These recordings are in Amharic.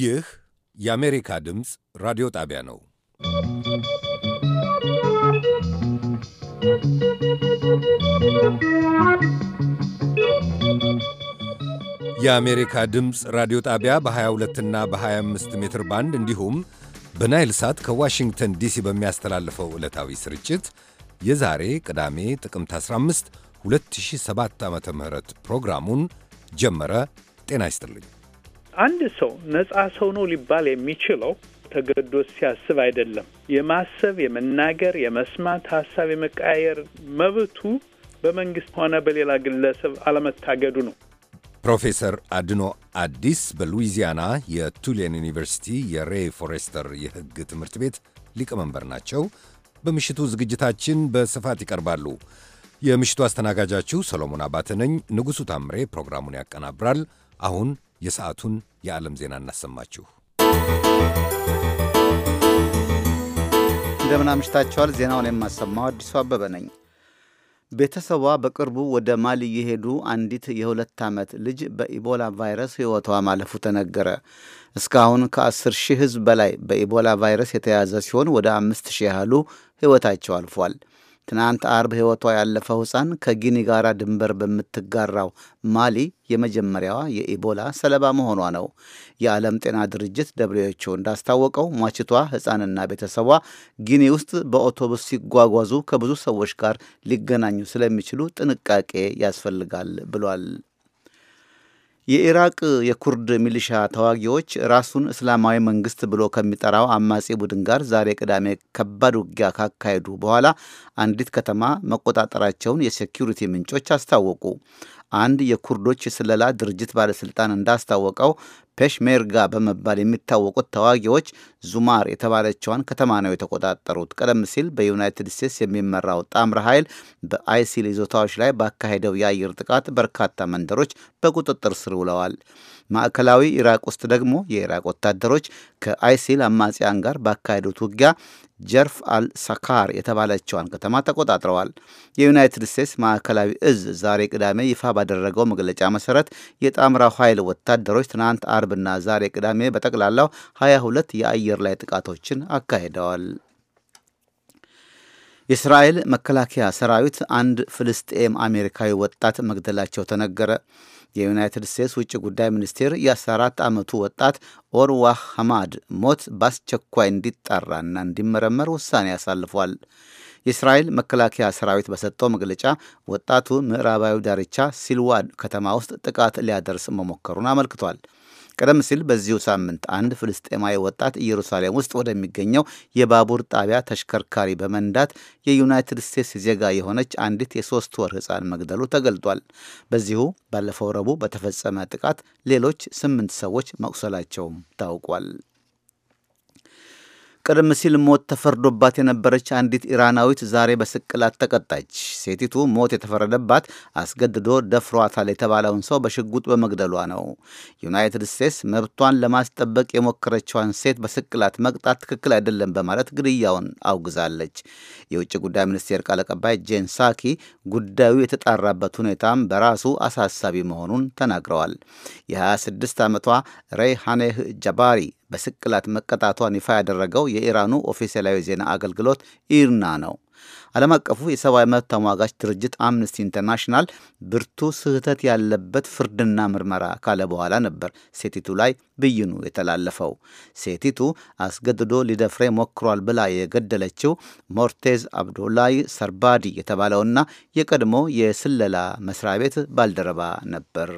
ይህ የአሜሪካ ድምፅ ራዲዮ ጣቢያ ነው። የአሜሪካ ድምፅ ራዲዮ ጣቢያ በ22 እና በ25 ሜትር ባንድ እንዲሁም በናይል ሳት ከዋሽንግተን ዲሲ በሚያስተላልፈው ዕለታዊ ስርጭት የዛሬ ቅዳሜ ጥቅምት 15 2007 ዓ ም ፕሮግራሙን ጀመረ። ጤና ይስጥልኝ። አንድ ሰው ነጻ ሰው ነው ሊባል የሚችለው ተገዶ ሲያስብ አይደለም። የማሰብ፣ የመናገር፣ የመስማት፣ ሀሳብ የመቀያየር መብቱ በመንግስት ሆነ በሌላ ግለሰብ አለመታገዱ ነው። ፕሮፌሰር አድኖ አዲስ በሉዊዚያና የቱሌን ዩኒቨርሲቲ የሬይ ፎሬስተር የህግ ትምህርት ቤት ሊቀመንበር ናቸው። በምሽቱ ዝግጅታችን በስፋት ይቀርባሉ። የምሽቱ አስተናጋጃችሁ ሰሎሞን አባተ ነኝ። ንጉሡ ታምሬ ፕሮግራሙን ያቀናብራል። አሁን የሰዓቱን የዓለም ዜና እናሰማችሁ። እንደምን አምሽታችኋል። ዜናውን የማሰማው አዲሱ አበበ ነኝ። ቤተሰቧ በቅርቡ ወደ ማሊ የሄዱ አንዲት የሁለት ዓመት ልጅ በኢቦላ ቫይረስ ሕይወቷ ማለፉ ተነገረ። እስካሁን ከአስር ሺህ ሕዝብ በላይ በኢቦላ ቫይረስ የተያዘ ሲሆን ወደ አምስት ሺህ ያህሉ ሕይወታቸው አልፏል። ትናንት አርብ ሕይወቷ ያለፈው ሕፃን ከጊኒ ጋር ድንበር በምትጋራው ማሊ የመጀመሪያዋ የኢቦላ ሰለባ መሆኗ ነው። የዓለም ጤና ድርጅት ደብሬዎቹ እንዳስታወቀው ሟችቷ ሕፃንና ቤተሰቧ ጊኒ ውስጥ በአውቶቡስ ሲጓጓዙ ከብዙ ሰዎች ጋር ሊገናኙ ስለሚችሉ ጥንቃቄ ያስፈልጋል ብሏል። የኢራቅ የኩርድ ሚሊሻ ተዋጊዎች ራሱን እስላማዊ መንግስት ብሎ ከሚጠራው አማጺ ቡድን ጋር ዛሬ ቅዳሜ ከባድ ውጊያ ካካሄዱ በኋላ አንዲት ከተማ መቆጣጠራቸውን የሴኪሪቲ ምንጮች አስታወቁ። አንድ የኩርዶች የስለላ ድርጅት ባለሥልጣን እንዳስታወቀው ፔሽሜርጋ በመባል የሚታወቁት ተዋጊዎች ዙማር የተባለችዋን ከተማ ነው የተቆጣጠሩት። ቀደም ሲል በዩናይትድ ስቴትስ የሚመራው ጣምራ ኃይል በአይሲል ይዞታዎች ላይ ባካሄደው የአየር ጥቃት በርካታ መንደሮች በቁጥጥር ስር ውለዋል። ማዕከላዊ ኢራቅ ውስጥ ደግሞ የኢራቅ ወታደሮች ከአይሲል አማጽያን ጋር ባካሄዱት ውጊያ ጀርፍ አል የተባለችዋን ከተማ ተቆጣጥረዋል። የዩናይትድ ስቴትስ ማዕከላዊ እዝ ዛሬ ቅዳሜ ይፋ ባደረገው መግለጫ መሰረት የጣምራው ኃይል ወታደሮች ትናንት አርብና ዛሬ ቅዳሜ በጠቅላላው 22 የአየር ላይ ጥቃቶችን አካሂደዋል። የእስራኤል መከላከያ ሰራዊት አንድ ፍልስጤም አሜሪካዊ ወጣት መግደላቸው ተነገረ። የዩናይትድ ስቴትስ ውጭ ጉዳይ ሚኒስቴር የ14 ዓመቱ ወጣት ኦርዋ ሐማድ ሞት በአስቸኳይ እንዲጣራና እንዲመረመር ውሳኔ አሳልፏል። የእስራኤል መከላከያ ሰራዊት በሰጠው መግለጫ ወጣቱ ምዕራባዊ ዳርቻ ሲልዋድ ከተማ ውስጥ ጥቃት ሊያደርስ መሞከሩን አመልክቷል። ቀደም ሲል በዚሁ ሳምንት አንድ ፍልስጤማዊ ወጣት ኢየሩሳሌም ውስጥ ወደሚገኘው የባቡር ጣቢያ ተሽከርካሪ በመንዳት የዩናይትድ ስቴትስ ዜጋ የሆነች አንዲት የሶስት ወር ሕፃን መግደሉ ተገልጧል። በዚሁ ባለፈው ረቡዕ በተፈጸመ ጥቃት ሌሎች ስምንት ሰዎች መቁሰላቸውም ታውቋል። ቅድም ሲል ሞት ተፈርዶባት የነበረች አንዲት ኢራናዊት ዛሬ በስቅላት ተቀጣች። ሴቲቱ ሞት የተፈረደባት አስገድዶ ደፍሯታል የተባለውን ሰው በሽጉጥ በመግደሏ ነው። ዩናይትድ ስቴትስ መብቷን ለማስጠበቅ የሞከረችዋን ሴት በስቅላት መቅጣት ትክክል አይደለም በማለት ግድያውን አውግዛለች። የውጭ ጉዳይ ሚኒስቴር ቃል አቀባይ ጄን ሳኪ ጉዳዩ የተጣራበት ሁኔታም በራሱ አሳሳቢ መሆኑን ተናግረዋል። የ26 ዓመቷ ሬይሃኔህ ጃባሪ በስቅላት መቀጣቷን ይፋ ያደረገው የኢራኑ ኦፊሴላዊ ዜና አገልግሎት ኢርና ነው። ዓለም አቀፉ የሰብአዊ መብት ተሟጋች ድርጅት አምነስቲ ኢንተርናሽናል ብርቱ ስህተት ያለበት ፍርድና ምርመራ ካለ በኋላ ነበር ሴቲቱ ላይ ብይኑ የተላለፈው። ሴቲቱ አስገድዶ ሊደፍሬ ሞክሯል ብላ የገደለችው ሞርቴዝ አብዶላይ ሰርባዲ የተባለውና የቀድሞ የስለላ መስሪያ ቤት ባልደረባ ነበር።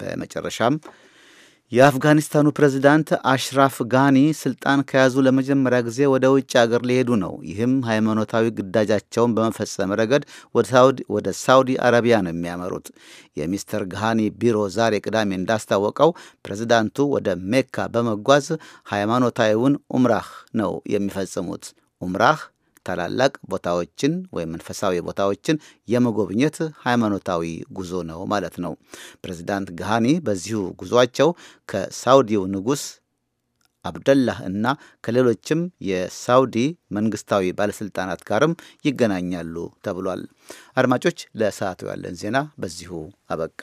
በመጨረሻም የአፍጋኒስታኑ ፕሬዚዳንት አሽራፍ ጋኒ ስልጣን ከያዙ ለመጀመሪያ ጊዜ ወደ ውጭ አገር ሊሄዱ ነው። ይህም ሃይማኖታዊ ግዳጃቸውን በመፈጸም ረገድ ወደ ሳውዲ አረቢያ ነው የሚያመሩት። የሚስተር ጋኒ ቢሮ ዛሬ ቅዳሜ እንዳስታወቀው ፕሬዚዳንቱ ወደ ሜካ በመጓዝ ሃይማኖታዊውን ኡምራህ ነው የሚፈጽሙት። ኡምራህ ታላላቅ ቦታዎችን ወይም መንፈሳዊ ቦታዎችን የመጎብኘት ሃይማኖታዊ ጉዞ ነው ማለት ነው። ፕሬዚዳንት ገሃኒ በዚሁ ጉዟቸው ከሳውዲው ንጉሥ አብደላህ እና ከሌሎችም የሳውዲ መንግስታዊ ባለሥልጣናት ጋርም ይገናኛሉ ተብሏል። አድማጮች፣ ለሰዓቱ ያለን ዜና በዚሁ አበቃ።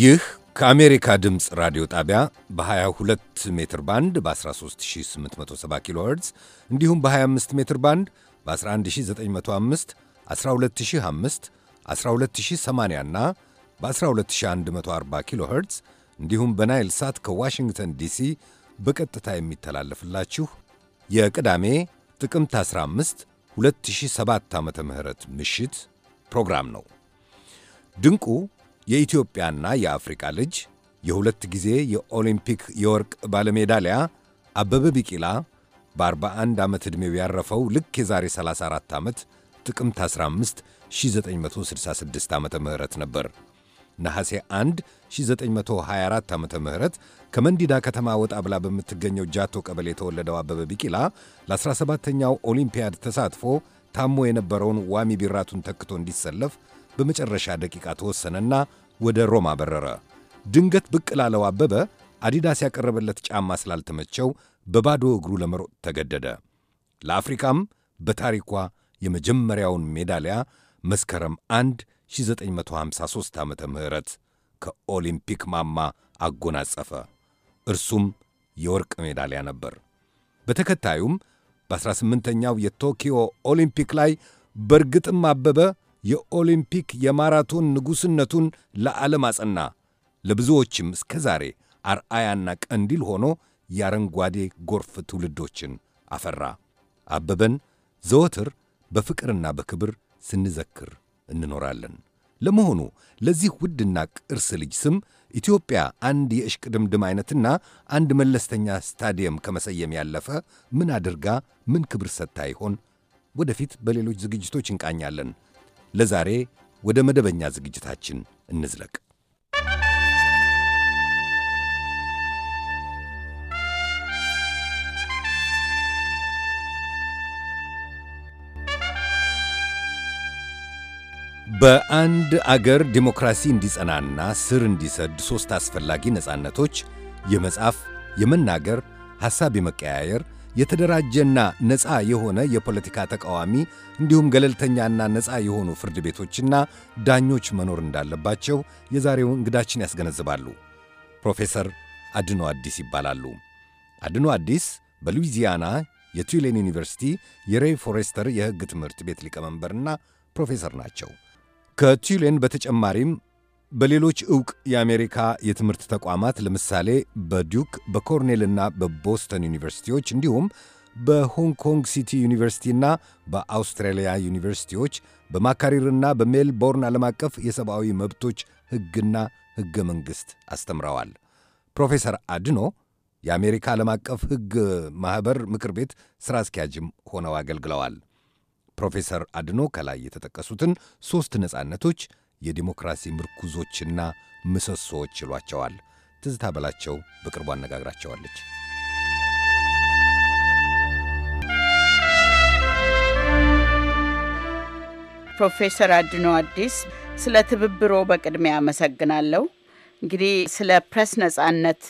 ይህ ከአሜሪካ ድምፅ ራዲዮ ጣቢያ በ22 ሜትር ባንድ በ13870 ኪሎ ሄርዝ እንዲሁም በ25 ሜትር ባንድ በ11905፣ 12005፣ 12080 እና በ12140 ኪሎ ሄርዝ እንዲሁም በናይል ሳት ከዋሽንግተን ዲሲ በቀጥታ የሚተላለፍላችሁ የቅዳሜ ጥቅምት 15 2007 ዓ ም ምሽት ፕሮግራም ነው። ድንቁ የኢትዮጵያና የአፍሪቃ ልጅ የሁለት ጊዜ የኦሊምፒክ የወርቅ ባለሜዳሊያ አበበ ቢቂላ በ41 ዓመት ዕድሜው ያረፈው ልክ የዛሬ 34 ዓመት ጥቅምት 15 1966 ዓ ም ነበር። ነሐሴ 1 1924 ዓ ም ከመንዲዳ ከተማ ወጣ ብላ በምትገኘው ጃቶ ቀበሌ የተወለደው አበበ ቢቂላ ለ17ኛው ኦሊምፒያድ ተሳትፎ ታሞ የነበረውን ዋሚ ቢራቱን ተክቶ እንዲሰለፍ በመጨረሻ ደቂቃ ተወሰነና ወደ ሮም አበረረ። ድንገት ብቅ ላለው አበበ አዲዳስ ያቀረበለት ጫማ ስላልተመቸው በባዶ እግሩ ለመሮጥ ተገደደ። ለአፍሪካም በታሪኳ የመጀመሪያውን ሜዳሊያ መስከረም 1 1953 ዓ ም ከኦሊምፒክ ማማ አጎናጸፈ። እርሱም የወርቅ ሜዳሊያ ነበር። በተከታዩም በ18ኛው የቶኪዮ ኦሊምፒክ ላይ በእርግጥም አበበ የኦሊምፒክ የማራቶን ንጉሥነቱን ለዓለም አጸና። ለብዙዎችም እስከ ዛሬ አርአያና ቀንዲል ሆኖ የአረንጓዴ ጎርፍ ትውልዶችን አፈራ። አበበን ዘወትር በፍቅርና በክብር ስንዘክር እንኖራለን። ለመሆኑ ለዚህ ውድና ቅርስ ልጅ ስም ኢትዮጵያ አንድ የእሽቅ ድምድም አይነትና አንድ መለስተኛ ስታዲየም ከመሰየም ያለፈ ምን አድርጋ ምን ክብር ሰጥታ ይሆን? ወደፊት በሌሎች ዝግጅቶች እንቃኛለን። ለዛሬ ወደ መደበኛ ዝግጅታችን እንዝለቅ። በአንድ አገር ዲሞክራሲ እንዲጸናና ስር እንዲሰድ ሦስት አስፈላጊ ነጻነቶች የመጻፍ፣ የመናገር፣ ሐሳብ የመቀያየር የተደራጀና ነፃ የሆነ የፖለቲካ ተቃዋሚ እንዲሁም ገለልተኛና ነፃ የሆኑ ፍርድ ቤቶችና ዳኞች መኖር እንዳለባቸው የዛሬው እንግዳችን ያስገነዝባሉ። ፕሮፌሰር አድኖ አዲስ ይባላሉ። አድኖ አዲስ በሉዊዚያና የቱሌን ዩኒቨርሲቲ የሬይ ፎሬስተር የሕግ ትምህርት ቤት ሊቀመንበርና ፕሮፌሰር ናቸው። ከቱሌን በተጨማሪም በሌሎች ዕውቅ የአሜሪካ የትምህርት ተቋማት ለምሳሌ በዱክ በኮርኔልና በቦስተን ዩኒቨርሲቲዎች እንዲሁም በሆንግ ኮንግ ሲቲ ዩኒቨርሲቲና በአውስትራሊያ ዩኒቨርሲቲዎች በማካሪርና በሜልቦርን ዓለም አቀፍ የሰብአዊ መብቶች ሕግና ሕገ መንግሥት አስተምረዋል። ፕሮፌሰር አድኖ የአሜሪካ ዓለም አቀፍ ሕግ ማኅበር ምክር ቤት ሥራ አስኪያጅም ሆነው አገልግለዋል። ፕሮፌሰር አድኖ ከላይ የተጠቀሱትን ሦስት ነጻነቶች የዲሞክራሲ ምርኩዞችና ምሰሶዎች ይሏቸዋል። ትዝታ በላቸው በቅርቡ አነጋግራቸዋለች። ፕሮፌሰር አድኖ አዲስ ስለ ትብብሮ በቅድሚያ አመሰግናለሁ። እንግዲህ ስለ ፕሬስ ነጻነት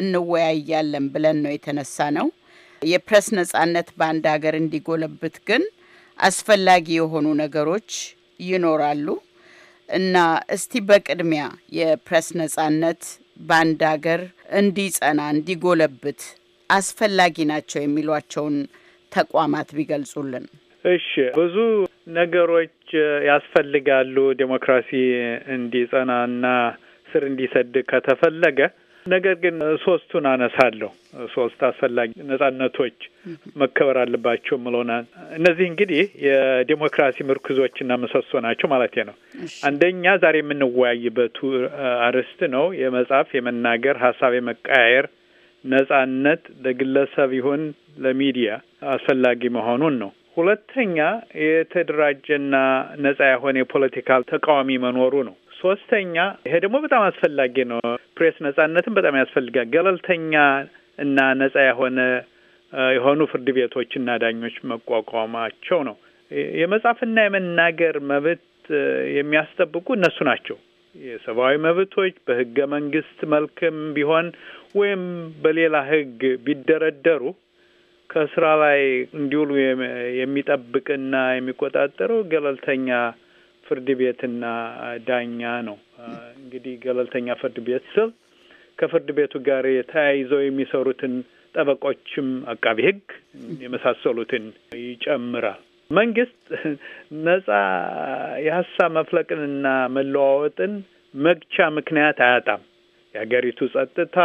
እንወያያለን ብለን ነው የተነሳ ነው። የፕሬስ ነጻነት በአንድ ሀገር እንዲጎለብት ግን አስፈላጊ የሆኑ ነገሮች ይኖራሉ። እና እስቲ በቅድሚያ የፕሬስ ነጻነት በአንድ ሀገር እንዲጸና እንዲጎለብት አስፈላጊ ናቸው የሚሏቸውን ተቋማት ቢገልጹልን። እሺ፣ ብዙ ነገሮች ያስፈልጋሉ ዴሞክራሲ እና ስር እንዲሰድ ከተፈለገ ነገር ግን ሶስቱን አነሳለሁ። ሶስት አስፈላጊ ነጻነቶች መከበር አለባቸው ምለሆና እነዚህ እንግዲህ የዴሞክራሲ ምርኩዞችና ምሰሶ ናቸው ማለት ነው። አንደኛ ዛሬ የምንወያይበቱ አርዕስት ነው የመጻፍ የመናገር፣ ሀሳብ የመቀያየር ነጻነት ለግለሰብ ይሁን ለሚዲያ አስፈላጊ መሆኑን ነው። ሁለተኛ የተደራጀና ነጻ የሆነ የፖለቲካል ተቃዋሚ መኖሩ ነው። ሶስተኛ ይሄ ደግሞ በጣም አስፈላጊ ነው። ፕሬስ ነጻነትን በጣም ያስፈልጋል። ገለልተኛ እና ነጻ የሆነ የሆኑ ፍርድ ቤቶች እና ዳኞች መቋቋማቸው ነው። የመጻፍና የመናገር መብት የሚያስጠብቁ እነሱ ናቸው። የሰብአዊ መብቶች በህገ መንግስት መልክም ቢሆን ወይም በሌላ ህግ ቢደረደሩ ከስራ ላይ እንዲውሉ የሚጠብቅና የሚቆጣጠረው ገለልተኛ ፍርድ ቤትና ዳኛ ነው። እንግዲህ ገለልተኛ ፍርድ ቤት ስል ከፍርድ ቤቱ ጋር ተያይዘው የሚሰሩትን ጠበቆችም፣ አቃቢ ሕግ የመሳሰሉትን ይጨምራል። መንግስት ነጻ የሀሳብ መፍለቅንና መለዋወጥን መግቻ ምክንያት አያጣም። የሀገሪቱ ጸጥታ፣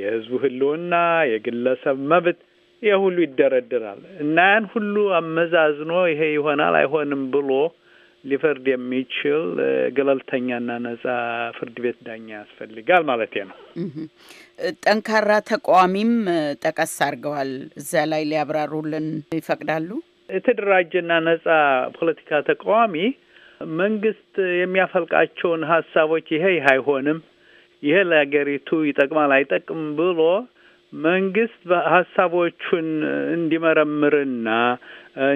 የህዝቡ ህልውና፣ የግለሰብ መብት ይህ ሁሉ ይደረድራል እና ያን ሁሉ አመዛዝኖ ይሄ ይሆናል አይሆንም ብሎ ሊፈርድ የሚችል ገለልተኛና ነጻ ፍርድ ቤት ዳኛ ያስፈልጋል ማለት ነው። ጠንካራ ተቃዋሚም ጠቀስ አድርገዋል። እዚያ ላይ ሊያብራሩልን ይፈቅዳሉ? የተደራጀና ነጻ ፖለቲካ ተቃዋሚ መንግስት የሚያፈልቃቸውን ሀሳቦች ይሄ ይህ አይሆንም፣ ይሄ ለሀገሪቱ ይጠቅማል አይጠቅም ብሎ መንግስት ሀሳቦቹን እንዲመረምርና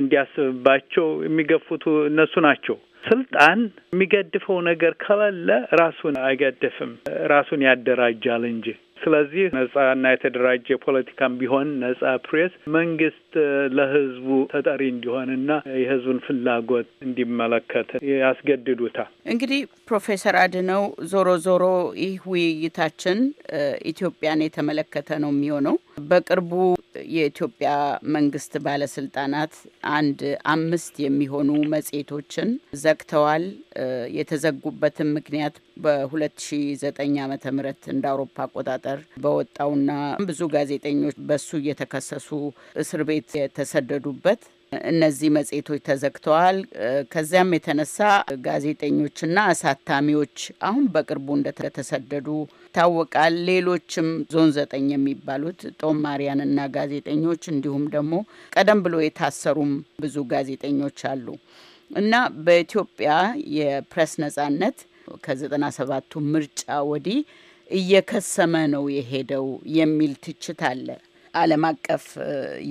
እንዲያስብባቸው የሚገፉቱ እነሱ ናቸው። ስልጣን የሚገድፈው ነገር ከሌለ ራሱን አይገድፍም፣ ራሱን ያደራጃል እንጂ። ስለዚህ ነጻና የተደራጀ ፖለቲካም ቢሆን ነጻ ፕሬስ መንግስት ውስጥ ለህዝቡ ተጠሪ እንዲሆንና የህዝቡን ፍላጎት እንዲመለከት ያስገድዱታል። እንግዲህ ፕሮፌሰር አድነው ዞሮ ዞሮ ይህ ውይይታችን ኢትዮጵያን የተመለከተ ነው የሚሆነው። በቅርቡ የኢትዮጵያ መንግስት ባለስልጣናት አንድ አምስት የሚሆኑ መጽሄቶችን ዘግተዋል። የተዘጉበትም ምክንያት በ2009 ዓ ም እንደ አውሮፓ አቆጣጠር በወጣውና ብዙ ጋዜጠኞች በሱ እየተከሰሱ እስር ቤት መጽሔት የተሰደዱበት እነዚህ መጽሔቶች ተዘግተዋል። ከዚያም የተነሳ ጋዜጠኞችና አሳታሚዎች አሁን በቅርቡ እንደተሰደዱ ይታወቃል። ሌሎችም ዞን ዘጠኝ የሚባሉት ጦማሪያንና ጋዜጠኞች እንዲሁም ደግሞ ቀደም ብሎ የታሰሩም ብዙ ጋዜጠኞች አሉ እና በኢትዮጵያ የፕሬስ ነጻነት ከዘጠና ሰባቱ ምርጫ ወዲህ እየከሰመ ነው የሄደው የሚል ትችት አለ። ዓለም አቀፍ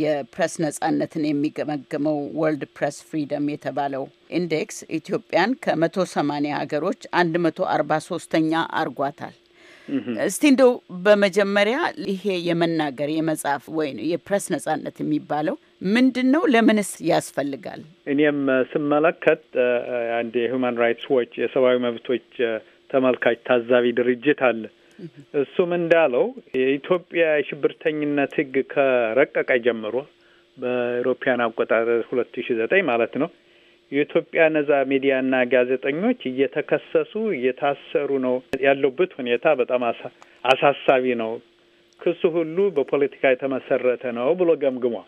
የፕሬስ ነጻነትን የሚገመግመው ወርልድ ፕሬስ ፍሪደም የተባለው ኢንዴክስ ኢትዮጵያን ከ180 ሀገሮች 143ኛ አርጓታል። እስቲ እንደው በመጀመሪያ ይሄ የመናገር የመጻፍ ወይ የፕሬስ ነጻነት የሚባለው ምንድን ነው? ለምንስ ያስፈልጋል? እኔም ስመለከት አንድ የሁማን ራይትስ ዎች የሰብአዊ መብቶች ተመልካች ታዛቢ ድርጅት አለ እሱም እንዳለው የኢትዮጵያ የሽብርተኝነት ህግ ከረቀቀ ጀምሮ በአውሮፓውያን አቆጣጠር ሁለት ሺ ዘጠኝ ማለት ነው የኢትዮጵያ ነጻ ሚዲያና ጋዜጠኞች እየተከሰሱ እየታሰሩ ነው። ያለበት ሁኔታ በጣም አሳሳቢ ነው። ክሱ ሁሉ በፖለቲካ የተመሰረተ ነው ብሎ ገምግሟል።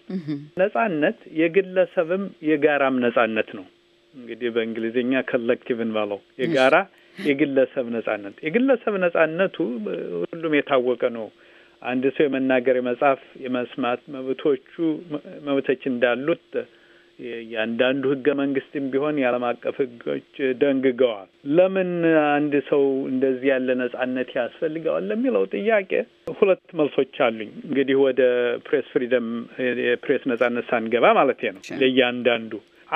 ነጻነት የግለሰብም የጋራም ነጻነት ነው። እንግዲህ በእንግሊዝኛ ኮሌክቲቭ እንበለው የጋራ የግለሰብ ነጻነት የግለሰብ ነጻነቱ ሁሉም የታወቀ ነው። አንድ ሰው የመናገር፣ የመጻፍ፣ የመስማት መብቶቹ መብቶች እንዳሉት እያንዳንዱ ህገ መንግስትም ቢሆን የዓለም አቀፍ ህጎች ደንግገዋል። ለምን አንድ ሰው እንደዚህ ያለ ነጻነት ያስፈልገዋል ለሚለው ጥያቄ ሁለት መልሶች አሉኝ። እንግዲህ ወደ ፕሬስ ፍሪደም የፕሬስ ነጻነት ሳንገባ ማለት ነው ለእያንዳንዱ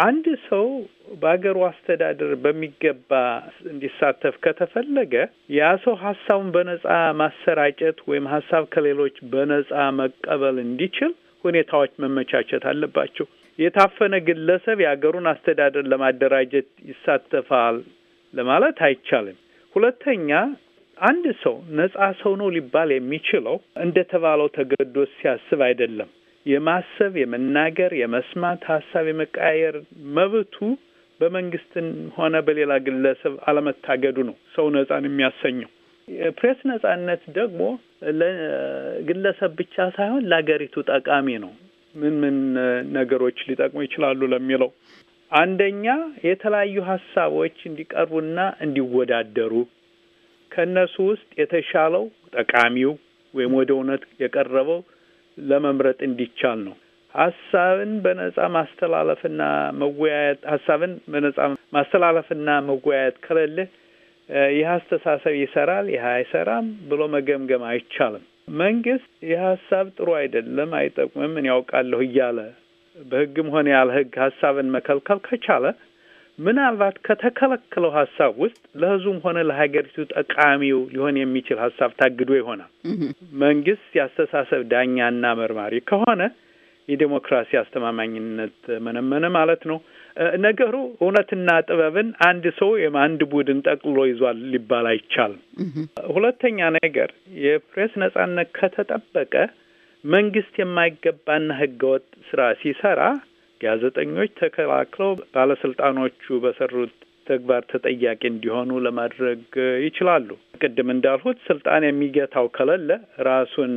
አንድ ሰው በሀገሩ አስተዳደር በሚገባ እንዲሳተፍ ከተፈለገ ያ ሰው ሀሳቡን በነጻ ማሰራጨት ወይም ሀሳብ ከሌሎች በነጻ መቀበል እንዲችል ሁኔታዎች መመቻቸት አለባቸው። የታፈነ ግለሰብ የሀገሩን አስተዳደር ለማደራጀት ይሳተፋል ለማለት አይቻልም። ሁለተኛ አንድ ሰው ነጻ ሰው ነው ሊባል የሚችለው እንደተባለው ተገዶ ሲያስብ አይደለም። የማሰብ የመናገር፣ የመስማት፣ ሀሳብ የመቀያየር መብቱ በመንግስትም ሆነ በሌላ ግለሰብ አለመታገዱ ነው ሰው ነጻን የሚያሰኘው። የፕሬስ ነጻነት ደግሞ ለግለሰብ ብቻ ሳይሆን ለሀገሪቱ ጠቃሚ ነው። ምን ምን ነገሮች ሊጠቅሙ ይችላሉ ለሚለው አንደኛ የተለያዩ ሀሳቦች እንዲቀርቡና እንዲወዳደሩ ከእነሱ ውስጥ የተሻለው ጠቃሚው ወይም ወደ እውነት የቀረበው ለመምረጥ እንዲቻል ነው። ሀሳብን በነጻ ማስተላለፍና መወያየት ሀሳብን በነጻ ማስተላለፍና መወያየት ከሌለ ይህ አስተሳሰብ ይሰራል፣ ይህ አይሰራም ብሎ መገምገም አይቻልም። መንግስት ይህ ሀሳብ ጥሩ አይደለም፣ አይጠቅምም፣ እኔ ያውቃለሁ እያለ በህግም ሆነ ያለ ህግ ሀሳብን መከልከል ከቻለ ምናልባት ከተከለከለው ሀሳብ ውስጥ ለሕዝቡም ሆነ ለሀገሪቱ ጠቃሚው ሊሆን የሚችል ሀሳብ ታግዶ ይሆናል። መንግስት የአስተሳሰብ ዳኛና መርማሪ ከሆነ የዴሞክራሲ አስተማማኝነት መነመነ ማለት ነው። ነገሩ እውነትና ጥበብን አንድ ሰው ወይም አንድ ቡድን ጠቅሎ ይዟል ሊባል አይቻልም። ሁለተኛ ነገር የፕሬስ ነጻነት ከተጠበቀ መንግስት የማይገባና ህገወጥ ስራ ሲሰራ ጋዜጠኞች ተከላክለው ባለስልጣኖቹ በሰሩት ተግባር ተጠያቂ እንዲሆኑ ለማድረግ ይችላሉ። ቅድም እንዳልሁት ስልጣን የሚገታው ከሌለ ራሱን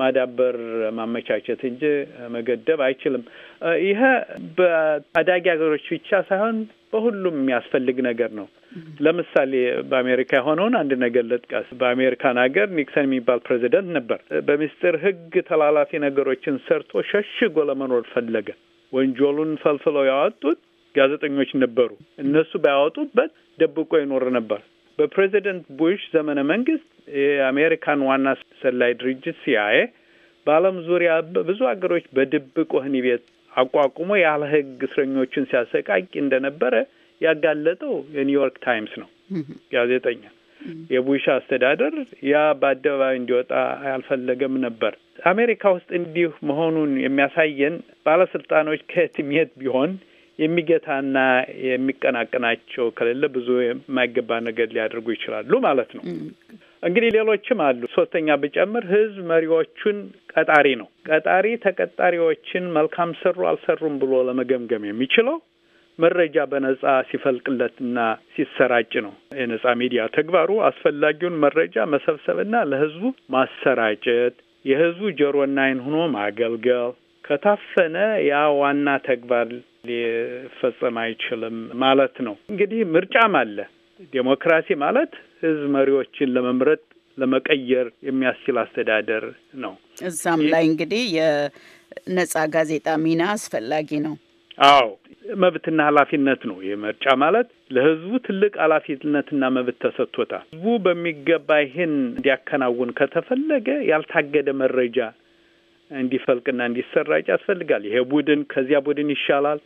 ማዳበር ማመቻቸት እንጂ መገደብ አይችልም። ይሄ በአዳጊ ሀገሮች ብቻ ሳይሆን በሁሉም የሚያስፈልግ ነገር ነው። ለምሳሌ በአሜሪካ የሆነውን አንድ ነገር ልጥቀስ። በአሜሪካን ሀገር ኒክሰን የሚባል ፕሬዚደንት ነበር። በሚስጥር ህግ ተላላፊ ነገሮችን ሰርቶ ሸሽጎ ለመኖር ፈለገ። ወንጀሉን ፈልፍለው ያወጡት ጋዜጠኞች ነበሩ። እነሱ ባያወጡበት ደብቆ ይኖር ነበር። በፕሬዚደንት ቡሽ ዘመነ መንግስት የአሜሪካን ዋና ሰላይ ድርጅት ሲአይኤ በዓለም ዙሪያ ብዙ ሀገሮች በድብቅ ወህኒ ቤት አቋቁሞ ያለ ህግ እስረኞችን ሲያሰቃቂ እንደነበረ ያጋለጠው የኒውዮርክ ታይምስ ነው ጋዜጠኛ። የቡሽ አስተዳደር ያ በአደባባይ እንዲወጣ አልፈለገም ነበር። አሜሪካ ውስጥ እንዲህ መሆኑን የሚያሳየን ባለስልጣኖች ከየትም የት ቢሆን የሚገታና የሚቀናቀናቸው ከሌለ ብዙ የማይገባ ነገር ሊያደርጉ ይችላሉ ማለት ነው። እንግዲህ ሌሎችም አሉ። ሶስተኛ ብጨምር ህዝብ መሪዎቹን ቀጣሪ ነው። ቀጣሪ ተቀጣሪዎችን መልካም ሰሩ አልሰሩም ብሎ ለመገምገም የሚችለው መረጃ በነጻ ሲፈልቅለትና ሲሰራጭ ነው። የነጻ ሚዲያ ተግባሩ አስፈላጊውን መረጃ መሰብሰብና ለህዝቡ ማሰራጨት የህዝቡ ጆሮና አይን ሆኖ ማገልገል ከታፈነ ያ ዋና ተግባር ሊፈጸም አይችልም ማለት ነው። እንግዲህ ምርጫም አለ። ዴሞክራሲ ማለት ህዝብ መሪዎችን ለመምረጥ ለመቀየር የሚያስችል አስተዳደር ነው። እዛም ላይ እንግዲህ የነጻ ጋዜጣ ሚና አስፈላጊ ነው። አዎ መብትና ኃላፊነት ነው። ይህ ምርጫ ማለት ለህዝቡ ትልቅ ኃላፊነትና መብት ተሰጥቶታል። ህዝቡ በሚገባ ይህን እንዲያከናውን ከተፈለገ ያልታገደ መረጃ እንዲፈልቅና እንዲሰራጭ ያስፈልጋል። ይሄ ቡድን ከዚያ ቡድን ይሻላል፣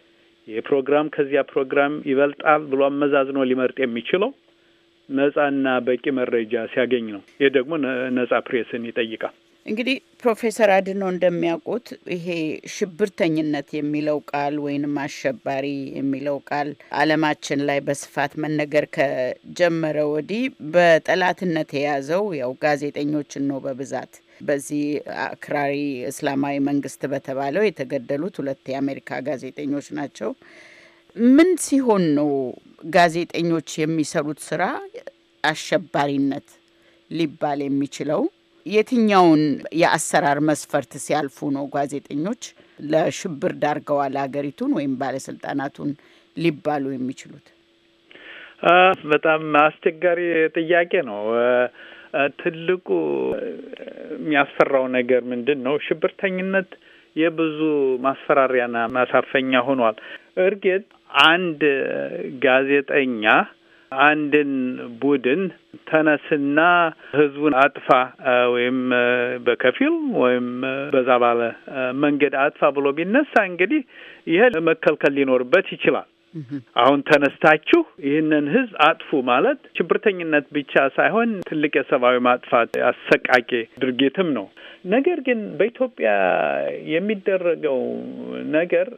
ይሄ ፕሮግራም ከዚያ ፕሮግራም ይበልጣል ብሎ አመዛዝኖ ሊመርጥ የሚችለው ነጻና በቂ መረጃ ሲያገኝ ነው። ይህ ደግሞ ነጻ ፕሬስን ይጠይቃል። እንግዲህ ፕሮፌሰር አድኖ እንደሚያውቁት ይሄ ሽብርተኝነት የሚለው ቃል ወይንም አሸባሪ የሚለው ቃል ዓለማችን ላይ በስፋት መነገር ከጀመረ ወዲህ በጠላትነት የያዘው ያው ጋዜጠኞችን ነው በብዛት በዚህ አክራሪ እስላማዊ መንግስት በተባለው የተገደሉት ሁለት የአሜሪካ ጋዜጠኞች ናቸው። ምን ሲሆን ነው ጋዜጠኞች የሚሰሩት ስራ አሸባሪነት ሊባል የሚችለው? የትኛውን የአሰራር መስፈርት ሲያልፉ ነው ጋዜጠኞች ለሽብር ዳርገዋል ሀገሪቱን ወይም ባለስልጣናቱን ሊባሉ የሚችሉት? በጣም አስቸጋሪ ጥያቄ ነው። ትልቁ የሚያስፈራው ነገር ምንድን ነው? ሽብርተኝነት የብዙ ማስፈራሪያና ማሳፈኛ ሆኗል። እርግጥ አንድ ጋዜጠኛ አንድን ቡድን ተነስና ህዝቡን አጥፋ ወይም በከፊል ወይም በዛ ባለ መንገድ አጥፋ ብሎ ቢነሳ እንግዲህ ይሄ መከልከል ሊኖርበት ይችላል። አሁን ተነስታችሁ ይህንን ህዝብ አጥፉ ማለት ሽብርተኝነት ብቻ ሳይሆን ትልቅ የሰብአዊ ማጥፋት አሰቃቂ ድርጊትም ነው። ነገር ግን በኢትዮጵያ የሚደረገው ነገር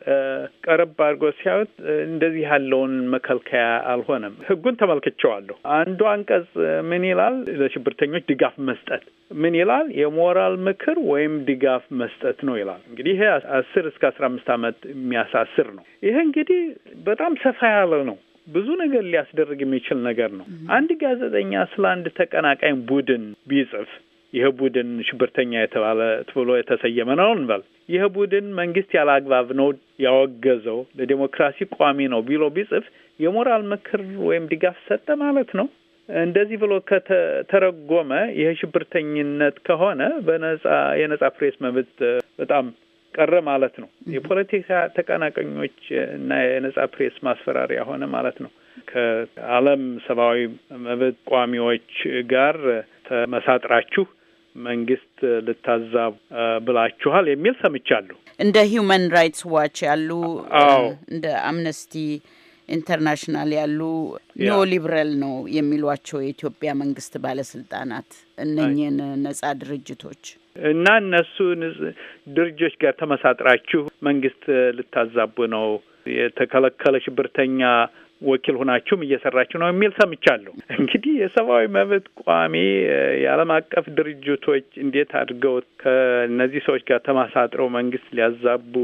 ቀረብ አድርጎ ሲያዩት እንደዚህ ያለውን መከልከያ አልሆነም። ህጉን ተመልክቼዋለሁ። አንዱ አንቀጽ ምን ይላል? ለሽብርተኞች ድጋፍ መስጠት ምን ይላል? የሞራል ምክር ወይም ድጋፍ መስጠት ነው ይላል። እንግዲህ ይሄ አስር እስከ አስራ አምስት ዓመት የሚያሳስር ነው። ይሄ እንግዲህ በጣም ሰፋ ያለ ነው። ብዙ ነገር ሊያስደርግ የሚችል ነገር ነው። አንድ ጋዜጠኛ ስለ አንድ ተቀናቃኝ ቡድን ቢጽፍ ይህ ቡድን ሽብርተኛ የተባለ ብሎ የተሰየመ ነው እንበል። ይህ ቡድን መንግስት ያለ አግባብ ነው ያወገዘው፣ ለዴሞክራሲ ቋሚ ነው ቢሎ ቢጽፍ የሞራል ምክር ወይም ድጋፍ ሰጠ ማለት ነው። እንደዚህ ብሎ ከተተረጎመ ይሄ ሽብርተኝነት ከሆነ በነጻ የነጻ ፕሬስ መብት በጣም ቀረ ማለት ነው። የፖለቲካ ተቀናቃኞች እና የነጻ ፕሬስ ማስፈራሪያ ሆነ ማለት ነው። ከዓለም ሰብአዊ መብት ቋሚዎች ጋር ተመሳጥራችሁ መንግስት ልታዛብ ብላችኋል የሚል ሰምቻለሁ። እንደ ሂማን ራይትስ ዋች ያሉ እንደ አምነስቲ ኢንተርናሽናል ያሉ ኒዮ ሊብራል ነው የሚሏቸው የኢትዮጵያ መንግስት ባለስልጣናት እነኝህን ነጻ ድርጅቶች እና እነሱ ድርጅቶች ጋር ተመሳጥራችሁ መንግስት ልታዛቡ ነው የተከለከለ ሽብርተኛ ወኪል ሆናችሁም እየሰራችሁ ነው የሚል ሰምቻለሁ። እንግዲህ የሰብአዊ መብት ቋሚ የዓለም አቀፍ ድርጅቶች እንዴት አድርገው ከእነዚህ ሰዎች ጋር ተማሳጥረው መንግስት ሊያዛቡ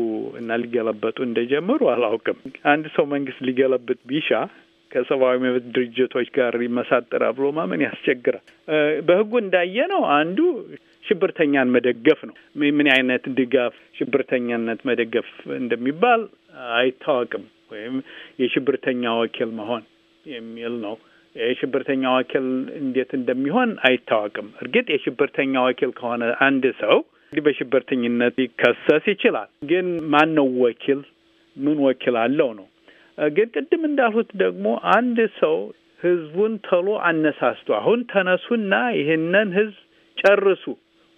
እና ሊገለበጡ እንደጀመሩ አላውቅም። አንድ ሰው መንግስት ሊገለብጥ ቢሻ ከሰብአዊ መብት ድርጅቶች ጋር ይመሳጠራ ብሎ ማመን ያስቸግራል። በህጉ እንዳየ ነው አንዱ ሽብርተኛን መደገፍ ነው። ምን አይነት ድጋፍ ሽብርተኛነት መደገፍ እንደሚባል አይታወቅም። ወይም የሽብርተኛ ወኪል መሆን የሚል ነው። የሽብርተኛ ወኪል እንዴት እንደሚሆን አይታወቅም። እርግጥ የሽብርተኛ ወኪል ከሆነ አንድ ሰው እንዲህ በሽብርተኝነት ሊከሰስ ይችላል። ግን ማን ነው ወኪል? ምን ወኪል አለው ነው። ግን ቅድም እንዳልሁት ደግሞ አንድ ሰው ህዝቡን ተሎ አነሳስቶ አሁን ተነሱና ይህንን ህዝብ ጨርሱ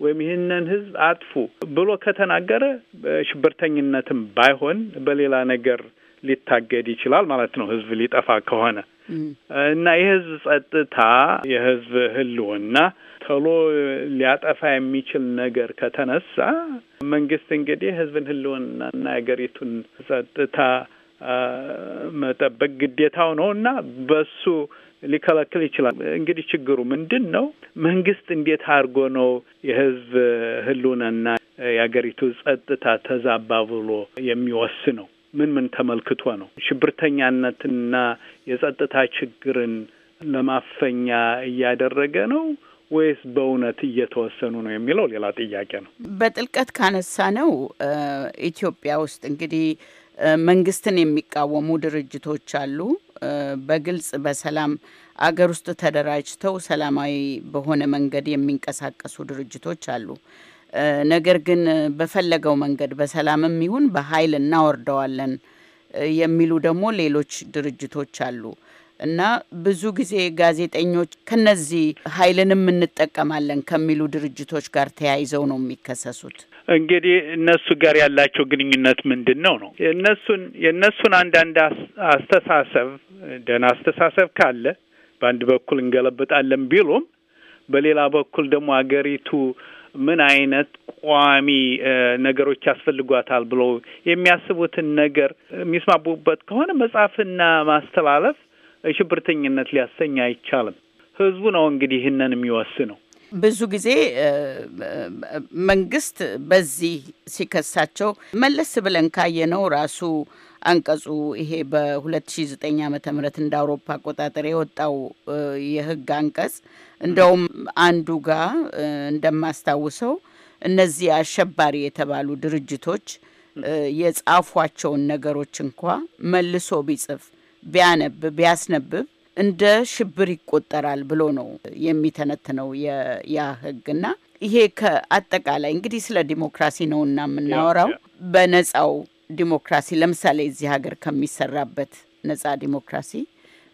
ወይም ይህንን ህዝብ አጥፉ ብሎ ከተናገረ በሽብርተኝነትም ባይሆን በሌላ ነገር ሊታገድ ይችላል ማለት ነው ህዝብ ሊጠፋ ከሆነ እና የህዝብ ጸጥታ የህዝብ ህልውና ቶሎ ሊያጠፋ የሚችል ነገር ከተነሳ መንግስት እንግዲህ የህዝብን ህልውናና የሀገሪቱን ጸጥታ መጠበቅ ግዴታው ነው እና በሱ ሊከለክል ይችላል። እንግዲህ ችግሩ ምንድን ነው? መንግስት እንዴት አድርጎ ነው የህዝብ ህልውናና የሀገሪቱ ጸጥታ ተዛባ ብሎ የሚወስነው? ምን ምን ተመልክቶ ነው ሽብርተኛነትና የጸጥታ ችግርን ለማፈኛ እያደረገ ነው ወይስ በእውነት እየተወሰኑ ነው የሚለው ሌላ ጥያቄ ነው። በጥልቀት ካነሳ ነው ኢትዮጵያ ውስጥ እንግዲህ መንግስትን የሚቃወሙ ድርጅቶች አሉ። በግልጽ በሰላም አገር ውስጥ ተደራጅተው ሰላማዊ በሆነ መንገድ የሚንቀሳቀሱ ድርጅቶች አሉ። ነገር ግን በፈለገው መንገድ በሰላምም ይሁን በኃይል እናወርደዋለን የሚሉ ደግሞ ሌሎች ድርጅቶች አሉ እና ብዙ ጊዜ ጋዜጠኞች ከነዚህ ኃይልንም እንጠቀማለን ከሚሉ ድርጅቶች ጋር ተያይዘው ነው የሚከሰሱት። እንግዲህ እነሱ ጋር ያላቸው ግንኙነት ምንድን ነው ነው የእነሱን የእነሱን አንዳንድ አስተሳሰብ ደህና አስተሳሰብ ካለ በአንድ በኩል እንገለብጣለን ቢሉም በሌላ በኩል ደግሞ አገሪቱ ምን አይነት ቋሚ ነገሮች ያስፈልጓታል ብሎ የሚያስቡትን ነገር የሚስማቡበት ከሆነ መጻፍና ማስተላለፍ ሽብርተኝነት ሊያሰኝ አይቻልም። ህዝቡ ነው እንግዲህ ይህንን የሚወስነው። ብዙ ጊዜ መንግስት በዚህ ሲከሳቸው መለስ ብለን ካየነው ራሱ አንቀጹ ይሄ በ2009 ም እንደ አውሮፓ አቆጣጠር የወጣው የህግ አንቀጽ እንደውም አንዱ ጋር እንደማስታውሰው እነዚህ አሸባሪ የተባሉ ድርጅቶች የጻፏቸውን ነገሮች እንኳ መልሶ ቢጽፍ፣ ቢያነብ፣ ቢያስነብብ እንደ ሽብር ይቆጠራል ብሎ ነው የሚተነትነው ያ ህግና ይሄ ከአጠቃላይ እንግዲህ ስለ ዲሞክራሲ እና የምናወራው በነጻው ዲሞክራሲ ለምሳሌ እዚህ ሀገር ከሚሰራበት ነጻ ዲሞክራሲ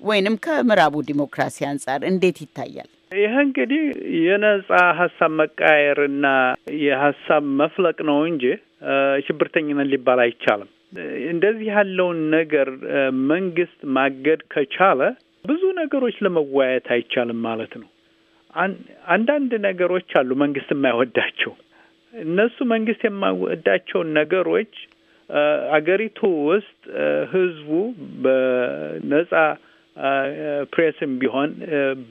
ወይንም ከምዕራቡ ዲሞክራሲ አንጻር እንዴት ይታያል? ይህ እንግዲህ የነጻ ሀሳብ መቃየርና የሀሳብ መፍለቅ ነው እንጂ ሽብርተኝነት ሊባል አይቻልም። እንደዚህ ያለውን ነገር መንግስት ማገድ ከቻለ ብዙ ነገሮች ለመወያየት አይቻልም ማለት ነው። አንዳንድ ነገሮች አሉ መንግስት የማይወዳቸው እነሱ መንግስት የማይወዳቸውን ነገሮች አገሪቱ ውስጥ ህዝቡ በነጻ ፕሬስም ቢሆን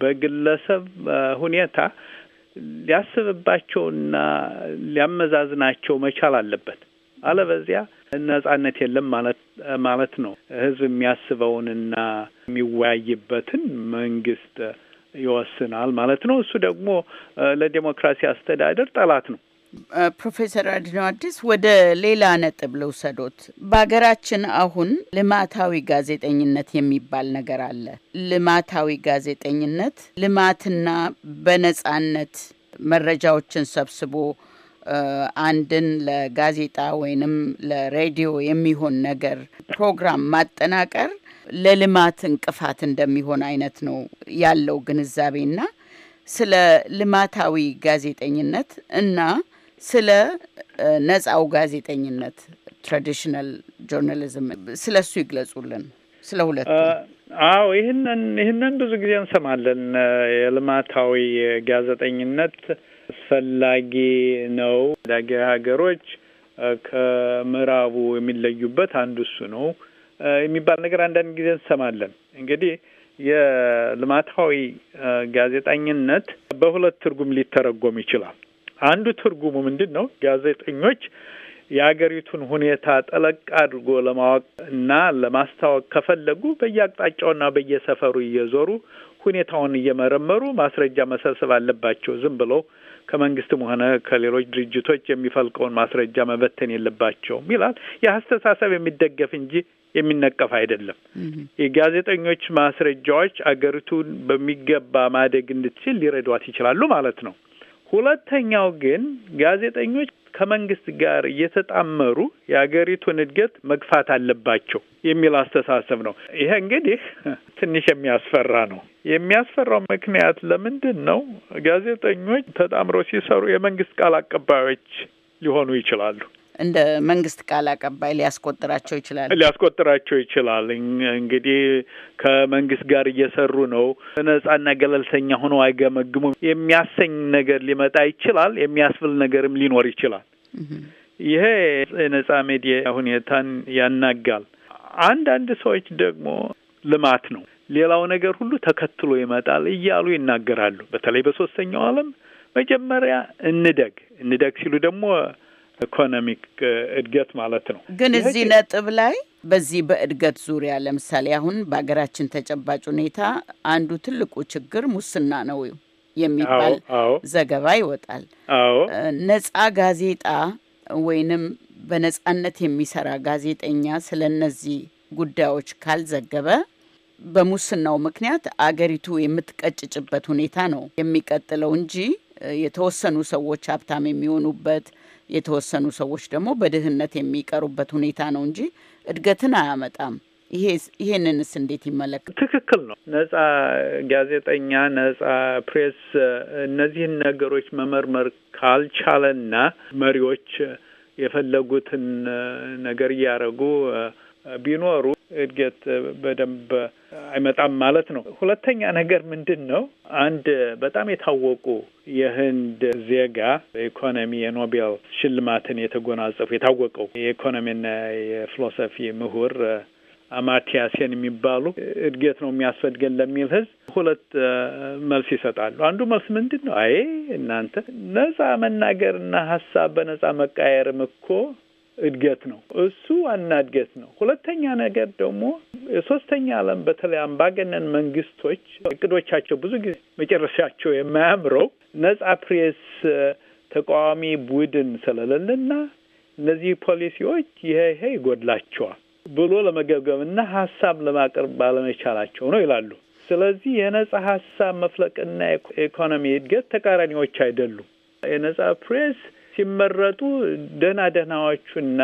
በግለሰብ ሁኔታ ሊያስብባቸውና ሊያመዛዝናቸው መቻል አለበት። አለበዚያ ነጻነት የለም ማለት ማለት ነው። ህዝብ የሚያስበውንና የሚወያይበትን መንግስት ይወስናል ማለት ነው። እሱ ደግሞ ለዴሞክራሲ አስተዳደር ጠላት ነው። ፕሮፌሰር አድነው አዲስ ወደ ሌላ ነጥብ ልውሰዶት። በሀገራችን አሁን ልማታዊ ጋዜጠኝነት የሚባል ነገር አለ። ልማታዊ ጋዜጠኝነት ልማትና በነጻነት መረጃዎችን ሰብስቦ አንድን ለጋዜጣ ወይንም ለሬዲዮ የሚሆን ነገር ፕሮግራም ማጠናቀር ለልማት እንቅፋት እንደሚሆን አይነት ነው ያለው ግንዛቤና ስለ ልማታዊ ጋዜጠኝነት እና ስለ ነፃው ጋዜጠኝነት ትራዲሽናል ጆርናሊዝም ስለ እሱ ይግለጹልን። ስለ ሁለቱ። አዎ ይህንን ይህንን ብዙ ጊዜ እንሰማለን። የልማታዊ ጋዜጠኝነት አስፈላጊ ነው። ዳጊ ሀገሮች ከምዕራቡ የሚለዩበት አንዱ እሱ ነው የሚባል ነገር አንዳንድ ጊዜ እንሰማለን። እንግዲህ የልማታዊ ጋዜጠኝነት በሁለት ትርጉም ሊተረጎም ይችላል። አንዱ ትርጉሙ ምንድን ነው? ጋዜጠኞች የአገሪቱን ሁኔታ ጠለቅ አድርጎ ለማወቅ እና ለማስታወቅ ከፈለጉ በየአቅጣጫውና በየሰፈሩ እየዞሩ ሁኔታውን እየመረመሩ ማስረጃ መሰብሰብ አለባቸው። ዝም ብሎ ከመንግስትም ሆነ ከሌሎች ድርጅቶች የሚፈልቀውን ማስረጃ መበተን የለባቸውም ይላል። የአስተሳሰብ የሚደገፍ እንጂ የሚነቀፍ አይደለም። የጋዜጠኞች ማስረጃዎች አገሪቱን በሚገባ ማደግ እንድትችል ሊረዷት ይችላሉ ማለት ነው። ሁለተኛው ግን ጋዜጠኞች ከመንግስት ጋር እየተጣመሩ የአገሪቱን እድገት መግፋት አለባቸው የሚል አስተሳሰብ ነው። ይሄ እንግዲህ ትንሽ የሚያስፈራ ነው። የሚያስፈራው ምክንያት ለምንድን ነው? ጋዜጠኞች ተጣምረው ሲሰሩ የመንግስት ቃል አቀባዮች ሊሆኑ ይችላሉ። እንደ መንግስት ቃል አቀባይ ሊያስቆጥራቸው ይችላል ሊያስቆጥራቸው ይችላል። እንግዲህ ከመንግስት ጋር እየሰሩ ነው፣ ነጻና ገለልተኛ ሆኖ አይገመግሙም የሚያሰኝ ነገር ሊመጣ ይችላል። የሚያስብል ነገርም ሊኖር ይችላል። ይሄ ነጻ ሜዲያ ሁኔታን ያናጋል። አንዳንድ ሰዎች ደግሞ ልማት ነው ሌላው ነገር ሁሉ ተከትሎ ይመጣል እያሉ ይናገራሉ። በተለይ በሶስተኛው ዓለም መጀመሪያ እንደግ እንደግ ሲሉ ደግሞ ኢኮኖሚክ እድገት ማለት ነው። ግን እዚህ ነጥብ ላይ በዚህ በእድገት ዙሪያ ለምሳሌ አሁን በሀገራችን ተጨባጭ ሁኔታ አንዱ ትልቁ ችግር ሙስና ነው የሚባል ዘገባ ይወጣል። ነጻ ጋዜጣ ወይንም በነጻነት የሚሰራ ጋዜጠኛ ስለ እነዚህ ጉዳዮች ካልዘገበ በሙስናው ምክንያት አገሪቱ የምትቀጭጭበት ሁኔታ ነው የሚቀጥለው እንጂ የተወሰኑ ሰዎች ሀብታም የሚሆኑበት የተወሰኑ ሰዎች ደግሞ በድህነት የሚቀሩበት ሁኔታ ነው እንጂ እድገትን አያመጣም። ይሄንንስ እንዴት ይመለከት? ትክክል ነው። ነጻ ጋዜጠኛ፣ ነጻ ፕሬስ እነዚህን ነገሮች መመርመር ካልቻለና መሪዎች የፈለጉትን ነገር እያደረጉ ቢኖሩ እድገት በደንብ አይመጣም ማለት ነው። ሁለተኛ ነገር ምንድን ነው? አንድ በጣም የታወቁ የህንድ ዜጋ በኢኮኖሚ የኖቤል ሽልማትን የተጎናጸፉ የታወቀው የኢኮኖሚና የፊሎሶፊ ምሁር አማቲያ ሴን የሚባሉ እድገት ነው የሚያስፈልገን ለሚል ህዝብ ሁለት መልስ ይሰጣሉ። አንዱ መልስ ምንድን ነው? አይ እናንተ ነጻ መናገርና ሀሳብ በነጻ መቃየርም እኮ እድገት ነው። እሱ ዋና እድገት ነው። ሁለተኛ ነገር ደግሞ የሶስተኛ ዓለም በተለይ አምባገነን መንግስቶች እቅዶቻቸው ብዙ ጊዜ መጨረሻቸው የማያምረው ነጻ ፕሬስ ተቃዋሚ ቡድን ስለሌለና እነዚህ ፖሊሲዎች ይሄ ይሄ ይጎድላቸዋል ብሎ ለመገብገብና ሀሳብ ለማቅረብ ባለመቻላቸው ነው ይላሉ። ስለዚህ የነጻ ሀሳብ መፍለቅና ኢኮኖሚ እድገት ተቃራኒዎች አይደሉም። የነጻ ፕሬስ ሲመረጡ ደህና ደህናዎቹና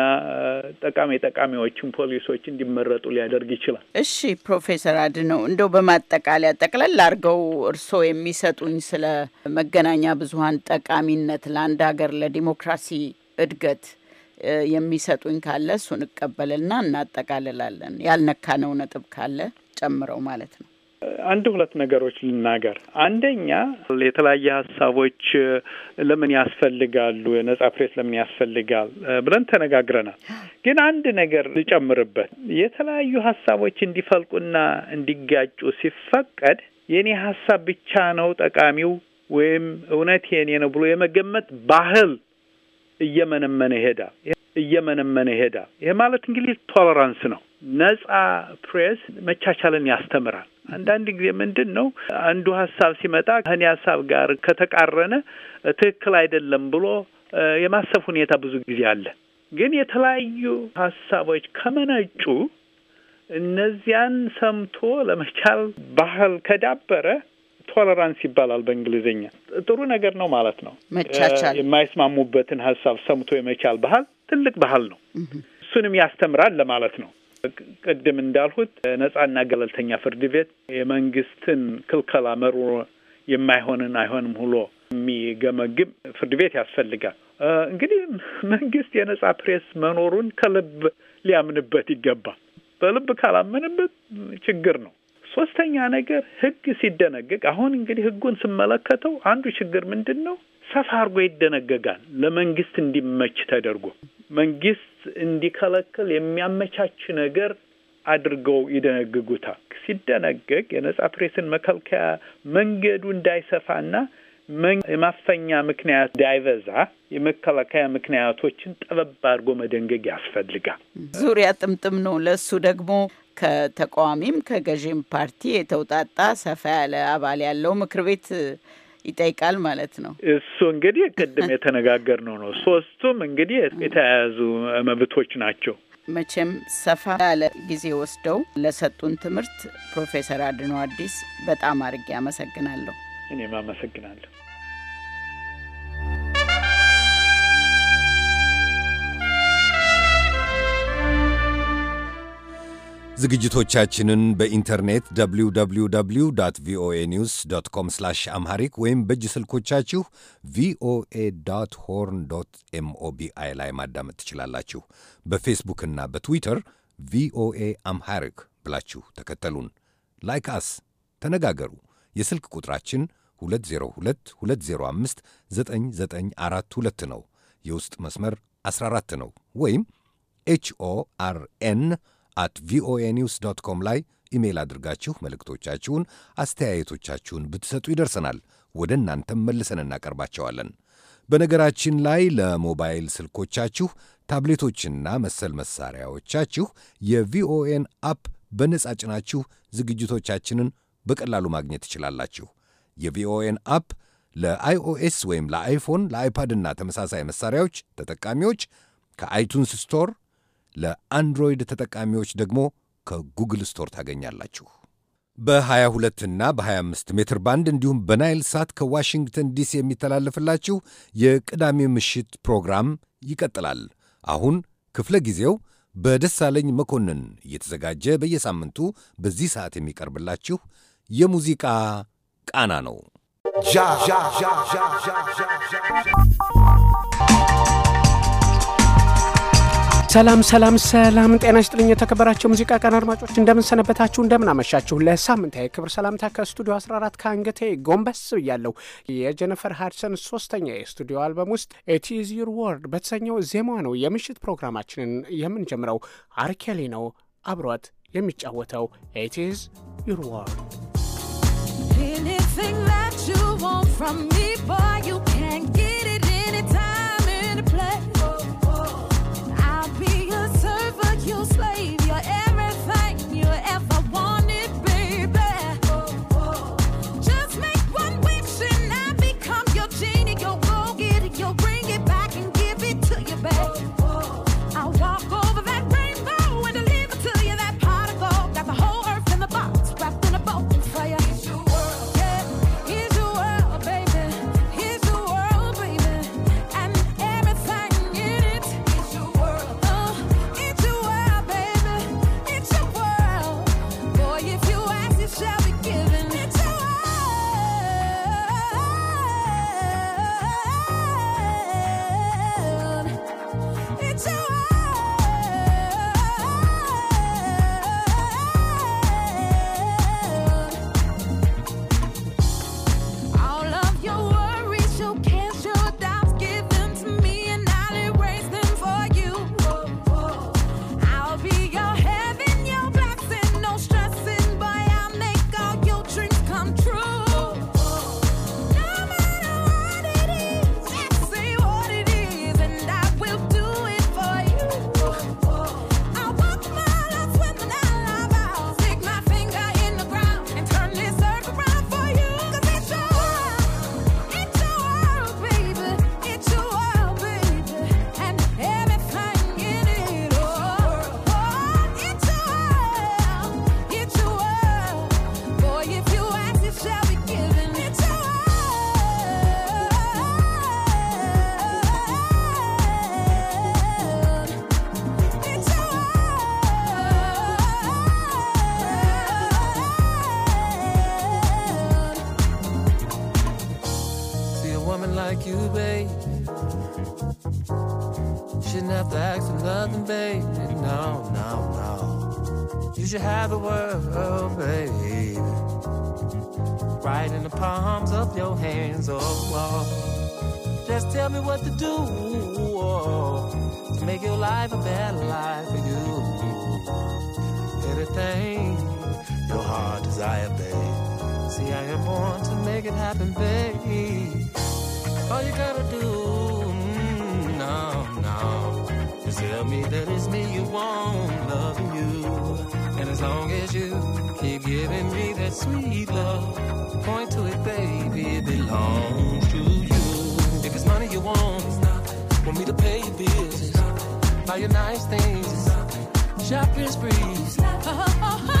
ጠቃሚ ጠቃሚዎችን ፖሊሶች እንዲመረጡ ሊያደርግ ይችላል። እሺ ፕሮፌሰር አድነው እንደው በማጠቃለያ ጠቅለል አድርገው እርስዎ የሚሰጡኝ ስለ መገናኛ ብዙኃን ጠቃሚነት ለአንድ ሀገር ለዲሞክራሲ እድገት የሚሰጡኝ ካለ እሱን እቀበልና እናጠቃልላለን። ያልነካነው ነጥብ ካለ ጨምረው ማለት ነው። አንድ ሁለት ነገሮች ልናገር። አንደኛ የተለያየ ሀሳቦች ለምን ያስፈልጋሉ፣ የነጻ ፕሬስ ለምን ያስፈልጋል ብለን ተነጋግረናል። ግን አንድ ነገር ልጨምርበት። የተለያዩ ሀሳቦች እንዲፈልቁና እንዲጋጩ ሲፈቀድ የእኔ ሀሳብ ብቻ ነው ጠቃሚው ወይም እውነት የኔ ነው ብሎ የመገመት ባህል እየመነመነ ይሄዳል እየመነመነ ይሄዳል። ይሄ ማለት እንግዲህ ቶለራንስ ነው። ነጻ ፕሬስ መቻቻልን ያስተምራል። አንዳንድ ጊዜ ምንድን ነው አንዱ ሀሳብ ሲመጣ ከኔ ሀሳብ ጋር ከተቃረነ ትክክል አይደለም ብሎ የማሰብ ሁኔታ ብዙ ጊዜ አለ። ግን የተለያዩ ሀሳቦች ከመነጩ እነዚያን ሰምቶ ለመቻል ባህል ከዳበረ ቶለራንስ ይባላል በእንግሊዝኛ። ጥሩ ነገር ነው ማለት ነው። መቻቻል፣ የማይስማሙበትን ሀሳብ ሰምቶ የመቻል ባህል ትልቅ ባህል ነው። እሱንም ያስተምራል ለማለት ነው። ቅድም እንዳልሁት ነጻና ገለልተኛ ፍርድ ቤት የመንግስትን ክልከላ መሩ የማይሆንን አይሆንም ሁሎ የሚገመግም ፍርድ ቤት ያስፈልጋል። እንግዲህ መንግስት የነጻ ፕሬስ መኖሩን ከልብ ሊያምንበት ይገባል። በልብ ካላመንበት ችግር ነው። ሶስተኛ ነገር ህግ ሲደነግግ አሁን እንግዲህ ህጉን ስመለከተው አንዱ ችግር ምንድን ነው? ሰፋ አድርጎ ይደነገጋል ለመንግስት እንዲመች ተደርጎ መንግስት እንዲከለከል የሚያመቻች ነገር አድርገው ይደነግጉታል። ሲደነገግ የነጻ ፕሬስን መከልከያ መንገዱ እንዳይሰፋና የማፈኛ ምክንያት እንዳይበዛ የመከላከያ ምክንያቶችን ጠበብ አድርጎ መደንገግ ያስፈልጋል። ዙሪያ ጥምጥም ነው። ለእሱ ደግሞ ከተቃዋሚም ከገዥም ፓርቲ የተውጣጣ ሰፋ ያለ አባል ያለው ምክር ቤት ይጠይቃል ማለት ነው። እሱ እንግዲህ ቅድም የተነጋገር ነው። ነው ሶስቱም እንግዲህ የተያያዙ መብቶች ናቸው። መቼም ሰፋ ያለ ጊዜ ወስደው ለሰጡን ትምህርት ፕሮፌሰር አድኖ አዲስ በጣም አድርጌ አመሰግናለሁ። እኔም አመሰግናለሁ። ዝግጅቶቻችንን በኢንተርኔት www ቪኦኤ ኒውስ ዶት ኮም ስላሽ አምሃሪክ ወይም በእጅ ስልኮቻችሁ ቪኦኤ ሆርን ኤምኦቢአይ ላይ ማዳመጥ ትችላላችሁ። በፌስቡክና በትዊተር ቪኦኤ አምሃሪክ ብላችሁ ተከተሉን። ላይክ አስ፣ ተነጋገሩ። የስልክ ቁጥራችን 202 ነው። የውስጥ መስመር 14 ነው። ወይም ኤችኦአርኤን አት ቪኦኤ ኒውስ ዶት ኮም ላይ ኢሜይል አድርጋችሁ መልእክቶቻችሁን፣ አስተያየቶቻችሁን ብትሰጡ ይደርሰናል። ወደ እናንተም መልሰን እናቀርባቸዋለን። በነገራችን ላይ ለሞባይል ስልኮቻችሁ፣ ታብሌቶችና መሰል መሳሪያዎቻችሁ የቪኦኤን አፕ በነጻ ጭናችሁ ዝግጅቶቻችንን በቀላሉ ማግኘት ትችላላችሁ። የቪኦኤን አፕ ለአይኦኤስ ወይም ለአይፎን፣ ለአይፓድ እና ተመሳሳይ መሳሪያዎች ተጠቃሚዎች ከአይቱንስ ስቶር ለአንድሮይድ ተጠቃሚዎች ደግሞ ከጉግል ስቶር ታገኛላችሁ። በ22 እና በ25 ሜትር ባንድ እንዲሁም በናይል ሳት ከዋሽንግተን ዲሲ የሚተላለፍላችሁ የቅዳሜ ምሽት ፕሮግራም ይቀጥላል። አሁን ክፍለ ጊዜው በደሳለኝ መኮንን እየተዘጋጀ በየሳምንቱ በዚህ ሰዓት የሚቀርብላችሁ የሙዚቃ ቃና ነው። ሰላም ሰላም ሰላም፣ ጤና ይስጥልኝ የተከበራቸው ሙዚቃ ቀን አድማጮች፣ እንደምንሰነበታችሁ፣ እንደምናመሻችሁ። ለሳምንታዊ ክብር ሰላምታ ከስቱዲዮ 14 ከአንገቴ ጎንበስ ብያለሁ። የጀነፈር ሃድሰን ሶስተኛ የስቱዲዮ አልበም ውስጥ ኢት ዩር ወርድ በተሰኘው ዜማ ነው የምሽት ፕሮግራማችንን የምንጀምረው። አርኬሊ ነው አብሯት የሚጫወተው ኢት ዩር ወርድ slave. breeze. breathe.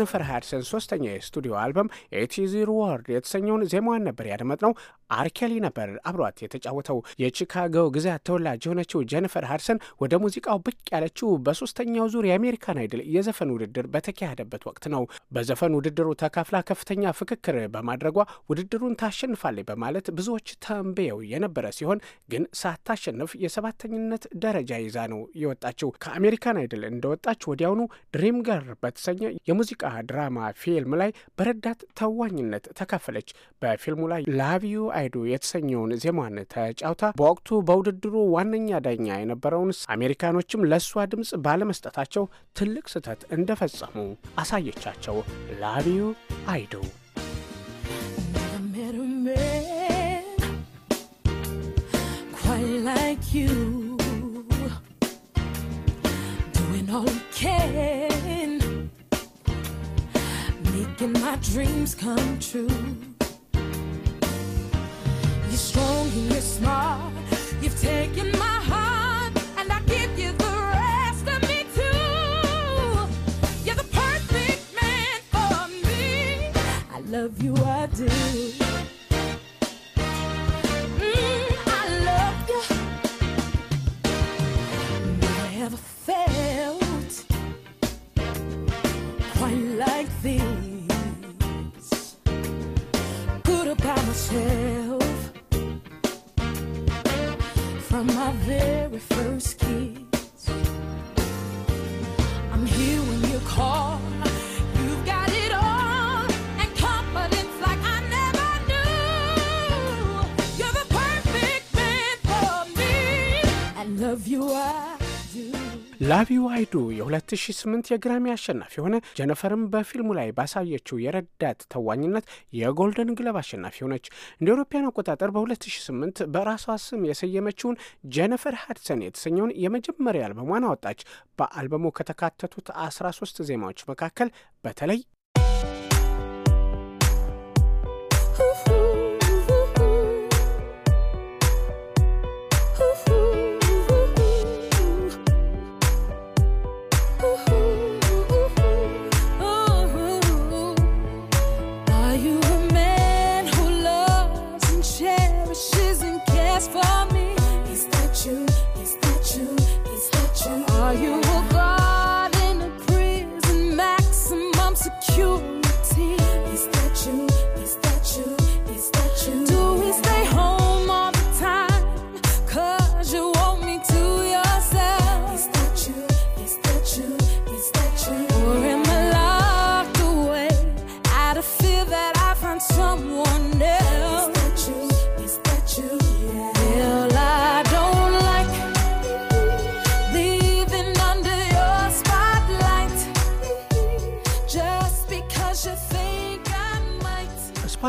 የጄኒፈር ሃድሰን ሶስተኛ የስቱዲዮ አልበም ኤቲዚር ወርድ የተሰኘውን ዜማዋን ነበር ያደመጥነው። አርኬሊ ነበር አብሯት የተጫወተው። የቺካጎ ግዛት ተወላጅ የሆነችው ጀኒፈር ሃድሰን ወደ ሙዚቃው ብቅ ያለችው በሶስተኛው ዙር የአሜሪካን አይድል የዘፈን ውድድር በተካሄደበት ወቅት ነው። በዘፈን ውድድሩ ተካፍላ ከፍተኛ ፍክክር በማድረጓ ውድድሩን ታሸንፋለች በማለት ብዙዎች ተንብየው የነበረ ሲሆን ግን ሳታሸንፍ የሰባተኝነት ደረጃ ይዛ ነው የወጣችው። ከአሜሪካን አይድል እንደወጣች ወዲያውኑ ድሪም ገር በተሰኘ የሙዚቃ ድራማ ፊልም ላይ በረዳት ተዋኝነት ተካፈለች። በፊልሙ ላይ ላቪዩ አይዱ የተሰኘውን ዜማን ተጫውታ በወቅቱ በውድድሩ ዋነኛ ዳኛ የነበረውን አሜሪካኖችም ለእሷ ድምፅ ባለመስጠታቸው ትልቅ ስህተት እንደፈጸሙ አሳየቻቸው። ላቪዩ አይዱ like you doing all you can making my dreams come true. You're strong and you're smart. You've taken my heart, and I give you the rest of me too. You're the perfect man for me. I love you, I do. Mm, I love you. Never felt quite like this. myself from my very first kiss. I'm here when you call. You've got it all and confidence like I never knew. You're the perfect man for me. love you. ላቪ ዋይዱ የ2008 የግራሚ አሸናፊ የሆነ ጀነፈርም በፊልሙ ላይ ባሳየችው የረዳት ተዋኝነት የጎልደን ግለብ አሸናፊ ሆነች። እንደ አውሮፓውያን አቆጣጠር በ2008 በራሷ ስም የሰየመችውን ጀነፈር ሀድሰን የተሰኘውን የመጀመሪያ አልበሟን አወጣች። በአልበሙ ከተካተቱት 13 ዜማዎች መካከል በተለይ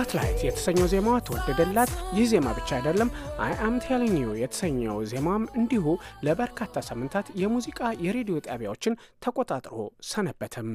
ዋት የተሰኘው ዜማዋ ተወደደላት። ይህ ዜማ ብቻ አይደለም አይ አም ቴሊንግ ዩ የተሰኘው ዜማም እንዲሁ ለበርካታ ሳምንታት የሙዚቃ የሬዲዮ ጣቢያዎችን ተቆጣጥሮ ሰነበትም።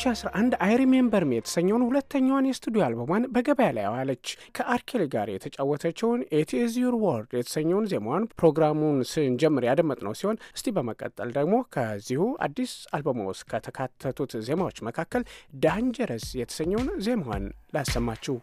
2011 አይ ሪሜምበር ሚ የተሰኘውን ሁለተኛዋን የስቱዲዮ አልበሟን በገበያ ላይ አዋለች። ከአርኬል ጋር የተጫወተችውን ኤቲዝ ዩር ወርድ የተሰኘውን ዜማዋን ፕሮግራሙን ስንጀምር ነው ሲሆን እስቲ በመቀጠል ደግሞ ከዚሁ አዲስ አልበሟ ውስጥ ከተካተቱት ዜማዎች መካከል ዳንጀረስ የተሰኘውን ዜማዋን ላሰማችሁ።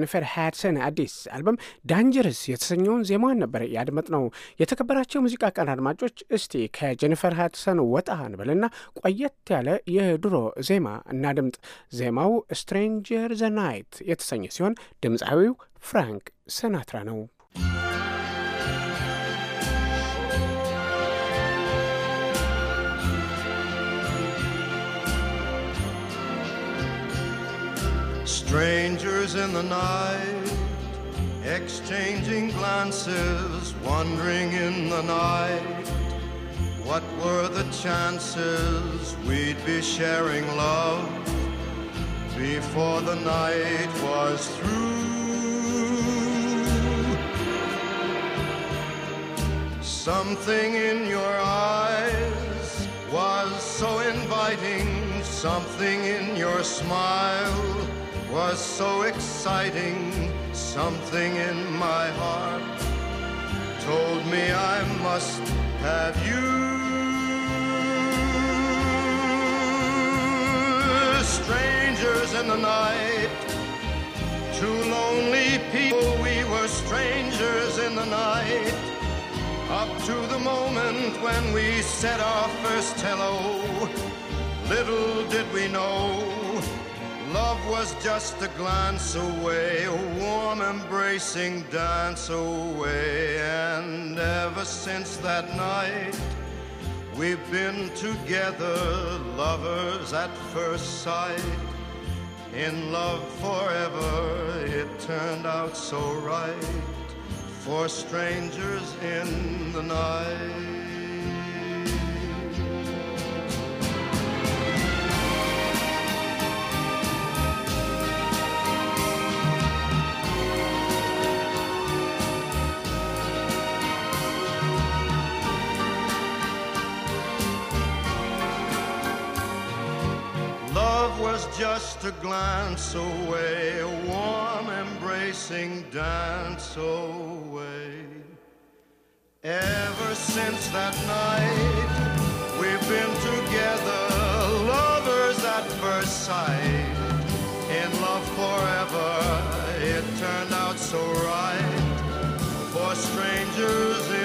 የጄኒፈር ሃድሰን አዲስ አልበም ዳንጀርስ የተሰኘውን ዜማዋን ነበር ነው። የተከበራቸው ሙዚቃ ቀን አድማጮች፣ እስቲ ከጄኒፈር ሃድሰን ወጣ እንበልና ቆየት ያለ የድሮ ዜማ እናድምጥ። ዜማው ስትሬንጀር ዘ ናይት የተሰኘ ሲሆን ድምፃዊው ፍራንክ ሰናትራ ነው። Strangers in the night, exchanging glances, wandering in the night. What were the chances we'd be sharing love before the night was through? Something in your eyes was so inviting, something in your smile was so exciting. Something in my heart told me I must have you. Strangers in the night, two lonely people, we were strangers in the night. Up to the moment when we said our first hello, little did we know Love was just a glance away, a warm embracing dance away. And ever since that night, we've been together, lovers at first sight. In love forever, it turned out so right for strangers in the night. just a glance away, a warm embracing dance away. Ever since that night, we've been together, lovers at first sight, in love forever. It turned out so right for strangers.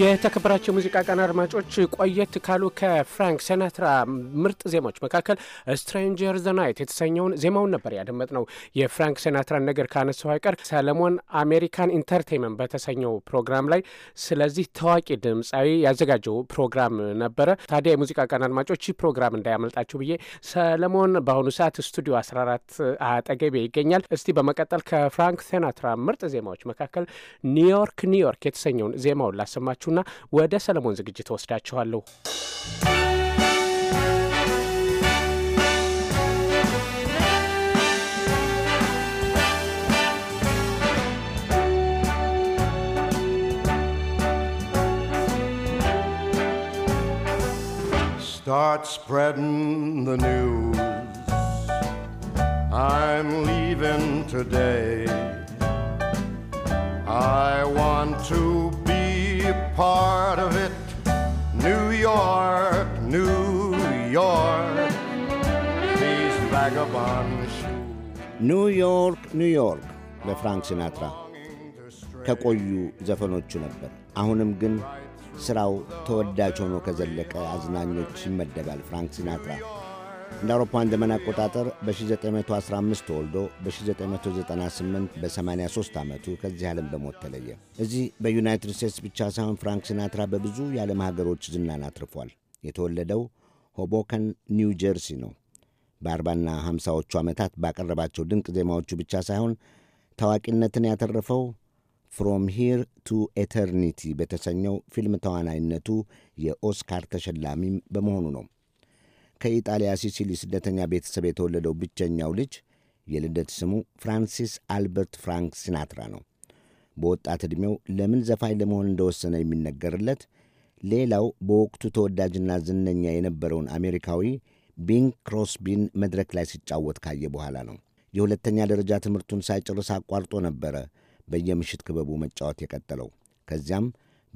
የተከበራቸው ሙዚቃ ቀን አድማጮች ቆየት ካሉ ከፍራንክ ሴናትራ ምርጥ ዜማዎች መካከል ስትሬንጀር ዘ ናይት የተሰኘውን ዜማውን ነበር ያደመጥነው። የፍራንክ ሴናትራን ነገር ካነሳው አይቀር ሰለሞን አሜሪካን ኢንተርቴንመንት በተሰኘው ፕሮግራም ላይ ስለዚህ ታዋቂ ድምፃዊ ያዘጋጀው ፕሮግራም ነበረ። ታዲያ የሙዚቃ ቀን አድማጮች ይህ ፕሮግራም እንዳያመልጣችሁ ብዬ ሰለሞን በአሁኑ ሰዓት ስቱዲዮ 14 አጠገቤ ይገኛል። እስቲ በመቀጠል ከፍራንክ ሴናትራ ምርጥ ዜማዎች መካከል ኒውዮርክ ኒውዮርክ የተሰኘውን ዜማውን ላሰማቸው ላስታውሳችሁና ወደ ሰለሞን ዝግጅት ወስዳችኋለሁ። Start spreading the news. I'm leaving today. I want to a part of it. New York, New York, these vagabond ኒውዮርክ ኒውዮርክ ለፍራንክ ሲናትራ ከቆዩ ዘፈኖቹ ነበር። አሁንም ግን ሥራው ተወዳጅ ሆኖ ከዘለቀ አዝናኞች ይመደባል ፍራንክ ሲናትራ። እንደ አውሮፓውያን ዘመን አቆጣጠር በ1915 ተወልዶ በ1998 በ83 ዓመቱ ከዚህ ዓለም በሞት ተለየ። እዚህ በዩናይትድ ስቴትስ ብቻ ሳይሆን ፍራንክ ሲናትራ በብዙ የዓለም ሀገሮች ዝናን አትርፏል። የተወለደው ሆቦከን ኒው ጀርሲ ነው። በ40ና 50ዎቹ ዓመታት ባቀረባቸው ድንቅ ዜማዎቹ ብቻ ሳይሆን ታዋቂነትን ያተረፈው ፍሮም ሂር ቱ ኤተርኒቲ በተሰኘው ፊልም ተዋናይነቱ የኦስካር ተሸላሚም በመሆኑ ነው። ከኢጣሊያ ሲሲሊ ስደተኛ ቤተሰብ የተወለደው ብቸኛው ልጅ የልደት ስሙ ፍራንሲስ አልበርት ፍራንክ ሲናትራ ነው። በወጣት ዕድሜው ለምን ዘፋኝ ለመሆን እንደወሰነ የሚነገርለት ሌላው በወቅቱ ተወዳጅና ዝነኛ የነበረውን አሜሪካዊ ቢንግ ክሮስቢን መድረክ ላይ ሲጫወት ካየ በኋላ ነው። የሁለተኛ ደረጃ ትምህርቱን ሳይጨርስ አቋርጦ ነበረ በየምሽት ክበቡ መጫወት የቀጠለው። ከዚያም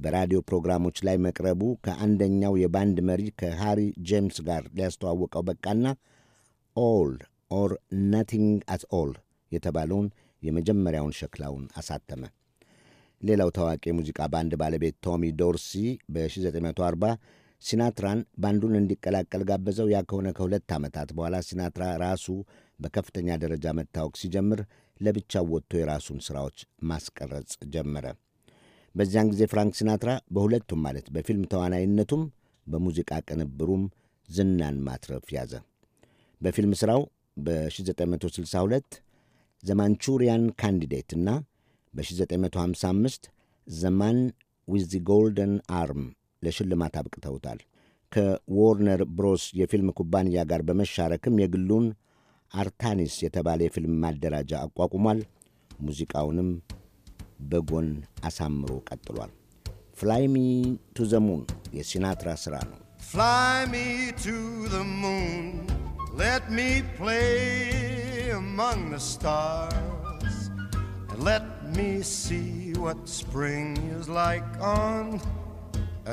በራዲዮ ፕሮግራሞች ላይ መቅረቡ ከአንደኛው የባንድ መሪ ከሃሪ ጄምስ ጋር ሊያስተዋወቀው በቃና ኦል ኦር ናቲንግ አት ኦል የተባለውን የመጀመሪያውን ሸክላውን አሳተመ። ሌላው ታዋቂ የሙዚቃ ባንድ ባለቤት ቶሚ ዶርሲ በ1940 ሲናትራን ባንዱን እንዲቀላቀል ጋበዘው። ያ ከሆነ ከሁለት ዓመታት በኋላ ሲናትራ ራሱ በከፍተኛ ደረጃ መታወቅ ሲጀምር ለብቻው ወጥቶ የራሱን ሥራዎች ማስቀረጽ ጀመረ። በዚያን ጊዜ ፍራንክ ሲናትራ በሁለቱም ማለት በፊልም ተዋናይነቱም በሙዚቃ ቅንብሩም ዝናን ማትረፍ ያዘ። በፊልም ሥራው በ1962 ዘማንቹሪያን ካንዲዴት እና በ1955 ዘማን ዊዝ ጎልደን አርም ለሽልማት አብቅተውታል። ከዎርነር ብሮስ የፊልም ኩባንያ ጋር በመሻረክም የግሉን አርታኒስ የተባለ የፊልም ማደራጃ አቋቁሟል። ሙዚቃውንም በጎን አሳምሮ ቀጥሏል። ፍላይ ሚ ቱ ዘ ሙን የሲናትራ ሥራ ነው። Fly me to the moon, let me play among the stars, and let me see what spring is like on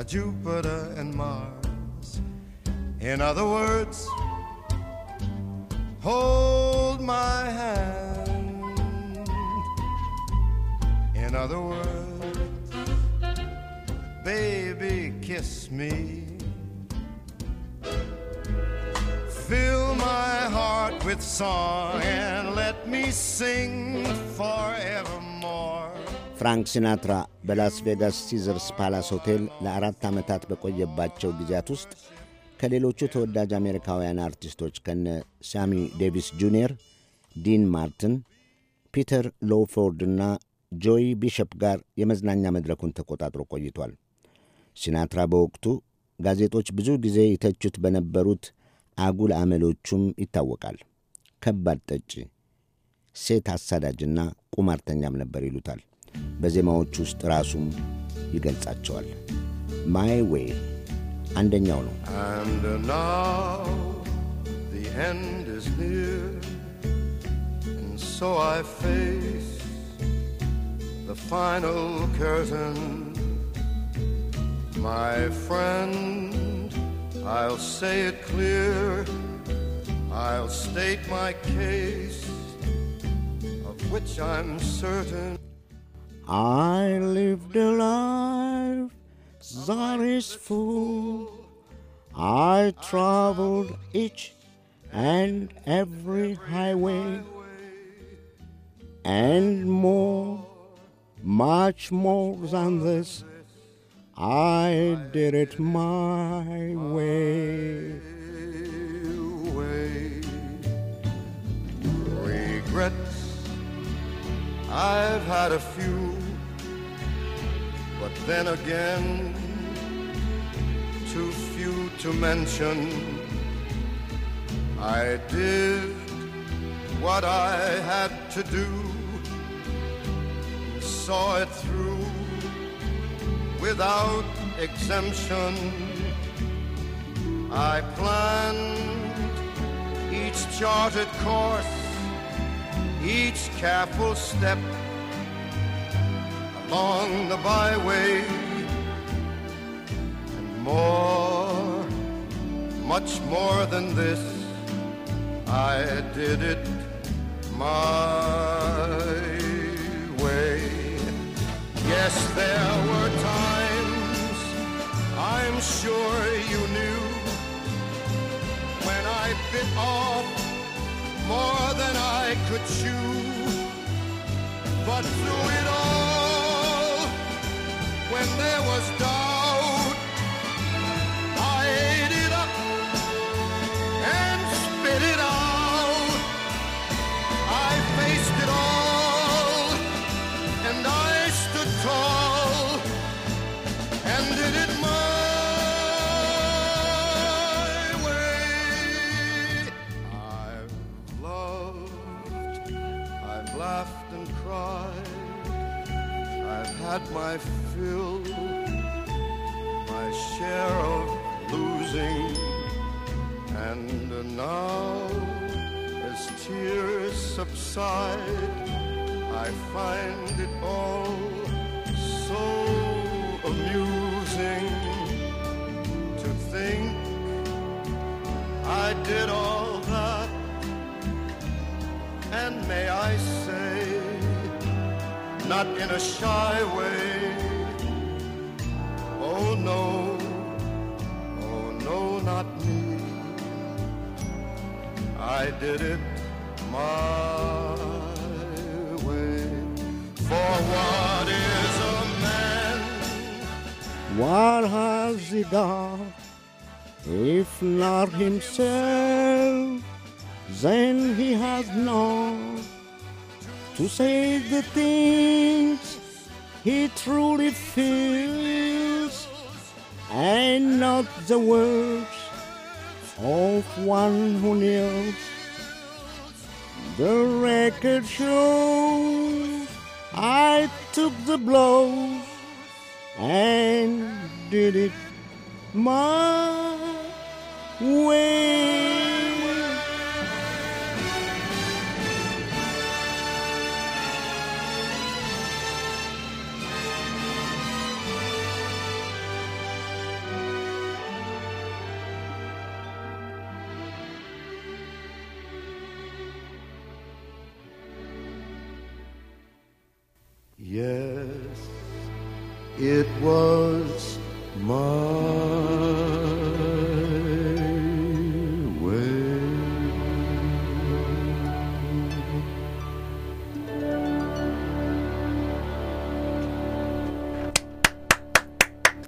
a uh, Jupiter and Mars. In other words, hold my hand. In other words, baby, kiss me. Fill my heart with song and let me sing forevermore. ፍራንክ ሲናትራ በላስ ቬጋስ ሲዘርስ ፓላስ ሆቴል ለአራት ዓመታት በቆየባቸው ጊዜያት ውስጥ ከሌሎቹ ተወዳጅ አሜሪካውያን አርቲስቶች ከነ ሳሚ ዴቪስ ጁኒየር፣ ዲን ማርትን፣ ፒተር ሎውፎርድ እና ጆይ ቢሸፕ ጋር የመዝናኛ መድረኩን ተቆጣጥሮ ቆይቷል። ሲናትራ በወቅቱ ጋዜጦች ብዙ ጊዜ ይተቹት በነበሩት አጉል አመሎቹም ይታወቃል። ከባድ ጠጪ፣ ሴት አሳዳጅና ቁማርተኛም ነበር ይሉታል። በዜማዎቹ ውስጥ ራሱም ይገልጻቸዋል። ማይ ዌይ አንደኛው ነው። And so I the final curtain. My friend, I'll say it clear, I'll state my case, of which I'm certain. I lived a life that is full. I traveled each and every highway and more much more than this. I did it my way. way. Regrets, I've had a few, but then again, too few to mention. I did what I had to do saw it through without exemption. I planned each charted course, each careful step along the byway, and more, much more than this, I did it my Yes, there were times I'm sure you knew when I bit off more than I could chew. But through it all, when there was darkness. had my fill, my share of losing, and now as tears subside, I find it all so amusing to think I did all that, and may I say not in a shy way. Oh no, oh no, not me. I did it my way. For what is a man? What has he done? If not himself, then he has none to say the things he truly feels and not the words of one who kneels. The record shows I took the blows and did it my way. Yes, it was my.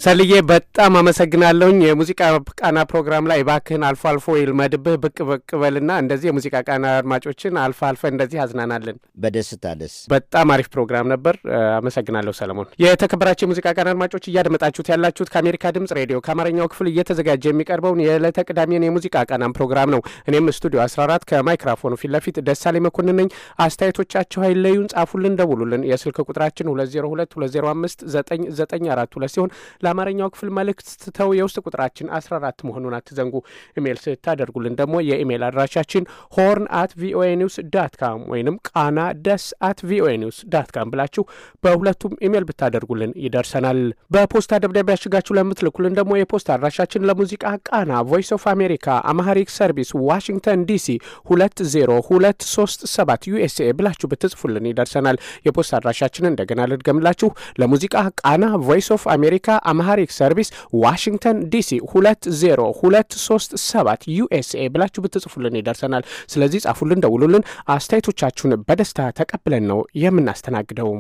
ሰልዬ በጣም አመሰግናለሁኝ። የሙዚቃ ቃና ፕሮግራም ላይ እባክህን አልፎ አልፎ ይልመድብህ ብቅ ብቅ በልና እንደዚህ የሙዚቃ ቃና አድማጮችን አልፎ አልፈ እንደዚህ አዝናናለን። በደስታ ደስ በጣም አሪፍ ፕሮግራም ነበር። አመሰግናለሁ ሰለሞን። የተከበራቸው የሙዚቃ ቃና አድማጮች እያደመጣችሁት ያላችሁት ከአሜሪካ ድምጽ ሬዲዮ ከአማርኛው ክፍል እየተዘጋጀ የሚቀርበውን የዕለተ ቅዳሜን የሙዚቃ ቃናን ፕሮግራም ነው። እኔም ስቱዲዮ 14 ከማይክራፎኑ ፊት ለፊት ደሳሌ መኮንን ነኝ። አስተያየቶቻችሁ አይለዩን፣ ጻፉልን፣ ደውሉልን። የስልክ ቁጥራችን 202 205 9942 ሲሆን ለአማርኛው ክፍል መልእክት ስትተው የውስጥ ቁጥራችን 14 መሆኑን አትዘንጉ። ኢሜይል ስታደርጉልን ደግሞ የኢሜይል አድራሻችን ሆርን አት ቪኦኤ ኒውስ ዳት ካም ወይንም ቃና ደስ አት ቪኦኤ ኒውስ ዳት ካም ብላችሁ በሁለቱም ኢሜይል ብታደርጉልን ይደርሰናል። በፖስታ ደብዳቤ ያሽጋችሁ ለምትልኩልን ደግሞ የፖስታ አድራሻችን ለሙዚቃ ቃና ቮይስ ኦፍ አሜሪካ አማሃሪክ ሰርቪስ ዋሽንግተን ዲሲ 20237 ዩኤስኤ ብላችሁ ብትጽፉልን ይደርሰናል። የፖስታ አድራሻችን እንደገና ልድገምላችሁ። ለሙዚቃ ቃና ቮይስ ኦፍ አሜሪካ የአምሃሪክ ሰርቪስ ዋሽንግተን ዲሲ 20237 ዩኤስኤ ብላችሁ ብትጽፉልን ይደርሰናል። ስለዚህ ጻፉልን፣ ደውሉልን። አስተያየቶቻችሁን በደስታ ተቀብለን ነው የምናስተናግደው።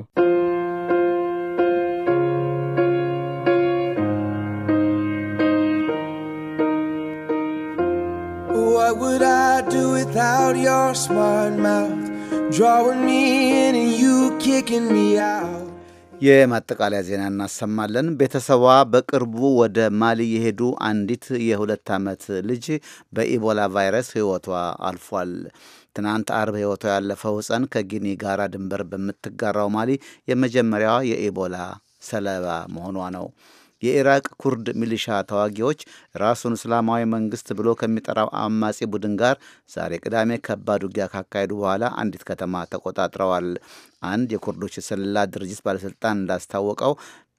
What would I do without your smart mouth? Drawing me in and you kicking me out. የማጠቃለያ ዜና እናሰማለን። ቤተሰቧ በቅርቡ ወደ ማሊ የሄዱ አንዲት የሁለት ዓመት ልጅ በኢቦላ ቫይረስ ሕይወቷ አልፏል። ትናንት አርብ ሕይወቷ ያለፈው ሕፃን ከጊኒ ጋራ ድንበር በምትጋራው ማሊ የመጀመሪያዋ የኢቦላ ሰለባ መሆኗ ነው። የኢራቅ ኩርድ ሚሊሻ ተዋጊዎች ራሱን እስላማዊ መንግስት ብሎ ከሚጠራው አማጺ ቡድን ጋር ዛሬ ቅዳሜ ከባድ ውጊያ ካካሄዱ በኋላ አንዲት ከተማ ተቆጣጥረዋል። አንድ የኩርዶች የስለላ ድርጅት ባለሥልጣን እንዳስታወቀው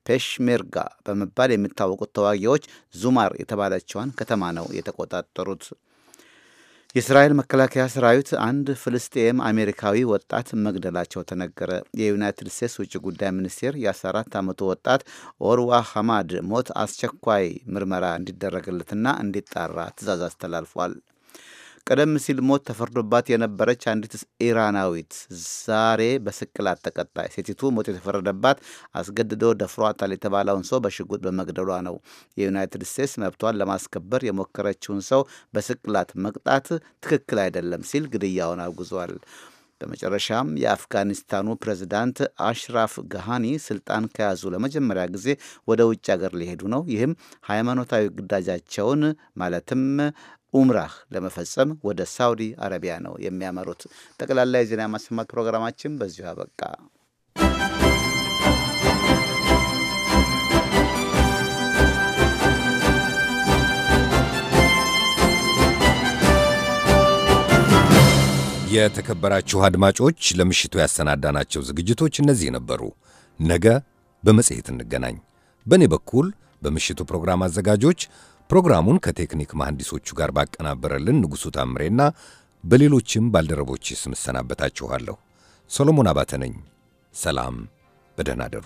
ፔሽሜርጋ በመባል የሚታወቁት ተዋጊዎች ዙማር የተባለችዋን ከተማ ነው የተቆጣጠሩት። የእስራኤል መከላከያ ሰራዊት አንድ ፍልስጤም አሜሪካዊ ወጣት መግደላቸው ተነገረ። የዩናይትድ ስቴትስ ውጭ ጉዳይ ሚኒስቴር የ14 ዓመቱ ወጣት ኦርዋ ሐማድ ሞት አስቸኳይ ምርመራ እንዲደረግለትና እንዲጣራ ትእዛዝ አስተላልፏል። ቀደም ሲል ሞት ተፈርዶባት የነበረች አንዲት ኢራናዊት ዛሬ በስቅላት ተቀጣይ። ሴቲቱ ሞት የተፈረደባት አስገድዶ ደፍሯታል የተባለውን ሰው በሽጉጥ በመግደሏ ነው። የዩናይትድ ስቴትስ መብቷን ለማስከበር የሞከረችውን ሰው በስቅላት መቅጣት ትክክል አይደለም ሲል ግድያውን አውግዟል። በመጨረሻም የአፍጋኒስታኑ ፕሬዝዳንት አሽራፍ ገሃኒ ስልጣን ከያዙ ለመጀመሪያ ጊዜ ወደ ውጭ ሀገር ሊሄዱ ነው። ይህም ሃይማኖታዊ ግዳጃቸውን ማለትም ኡምራህ ለመፈጸም ወደ ሳውዲ አረቢያ ነው የሚያመሩት። ጠቅላላ የዜና ማሰማት ፕሮግራማችን በዚሁ አበቃ። የተከበራችሁ አድማጮች ለምሽቱ ያሰናዳናቸው ዝግጅቶች እነዚህ ነበሩ። ነገ በመጽሔት እንገናኝ። በእኔ በኩል በምሽቱ ፕሮግራም አዘጋጆች ፕሮግራሙን ከቴክኒክ መሐንዲሶቹ ጋር ባቀናበረልን ንጉሡ ታምሬና በሌሎችም ባልደረቦች ስም እሰናበታችኋለሁ። ሰሎሞን አባተ ነኝ። ሰላም፣ በደህና አደሩ።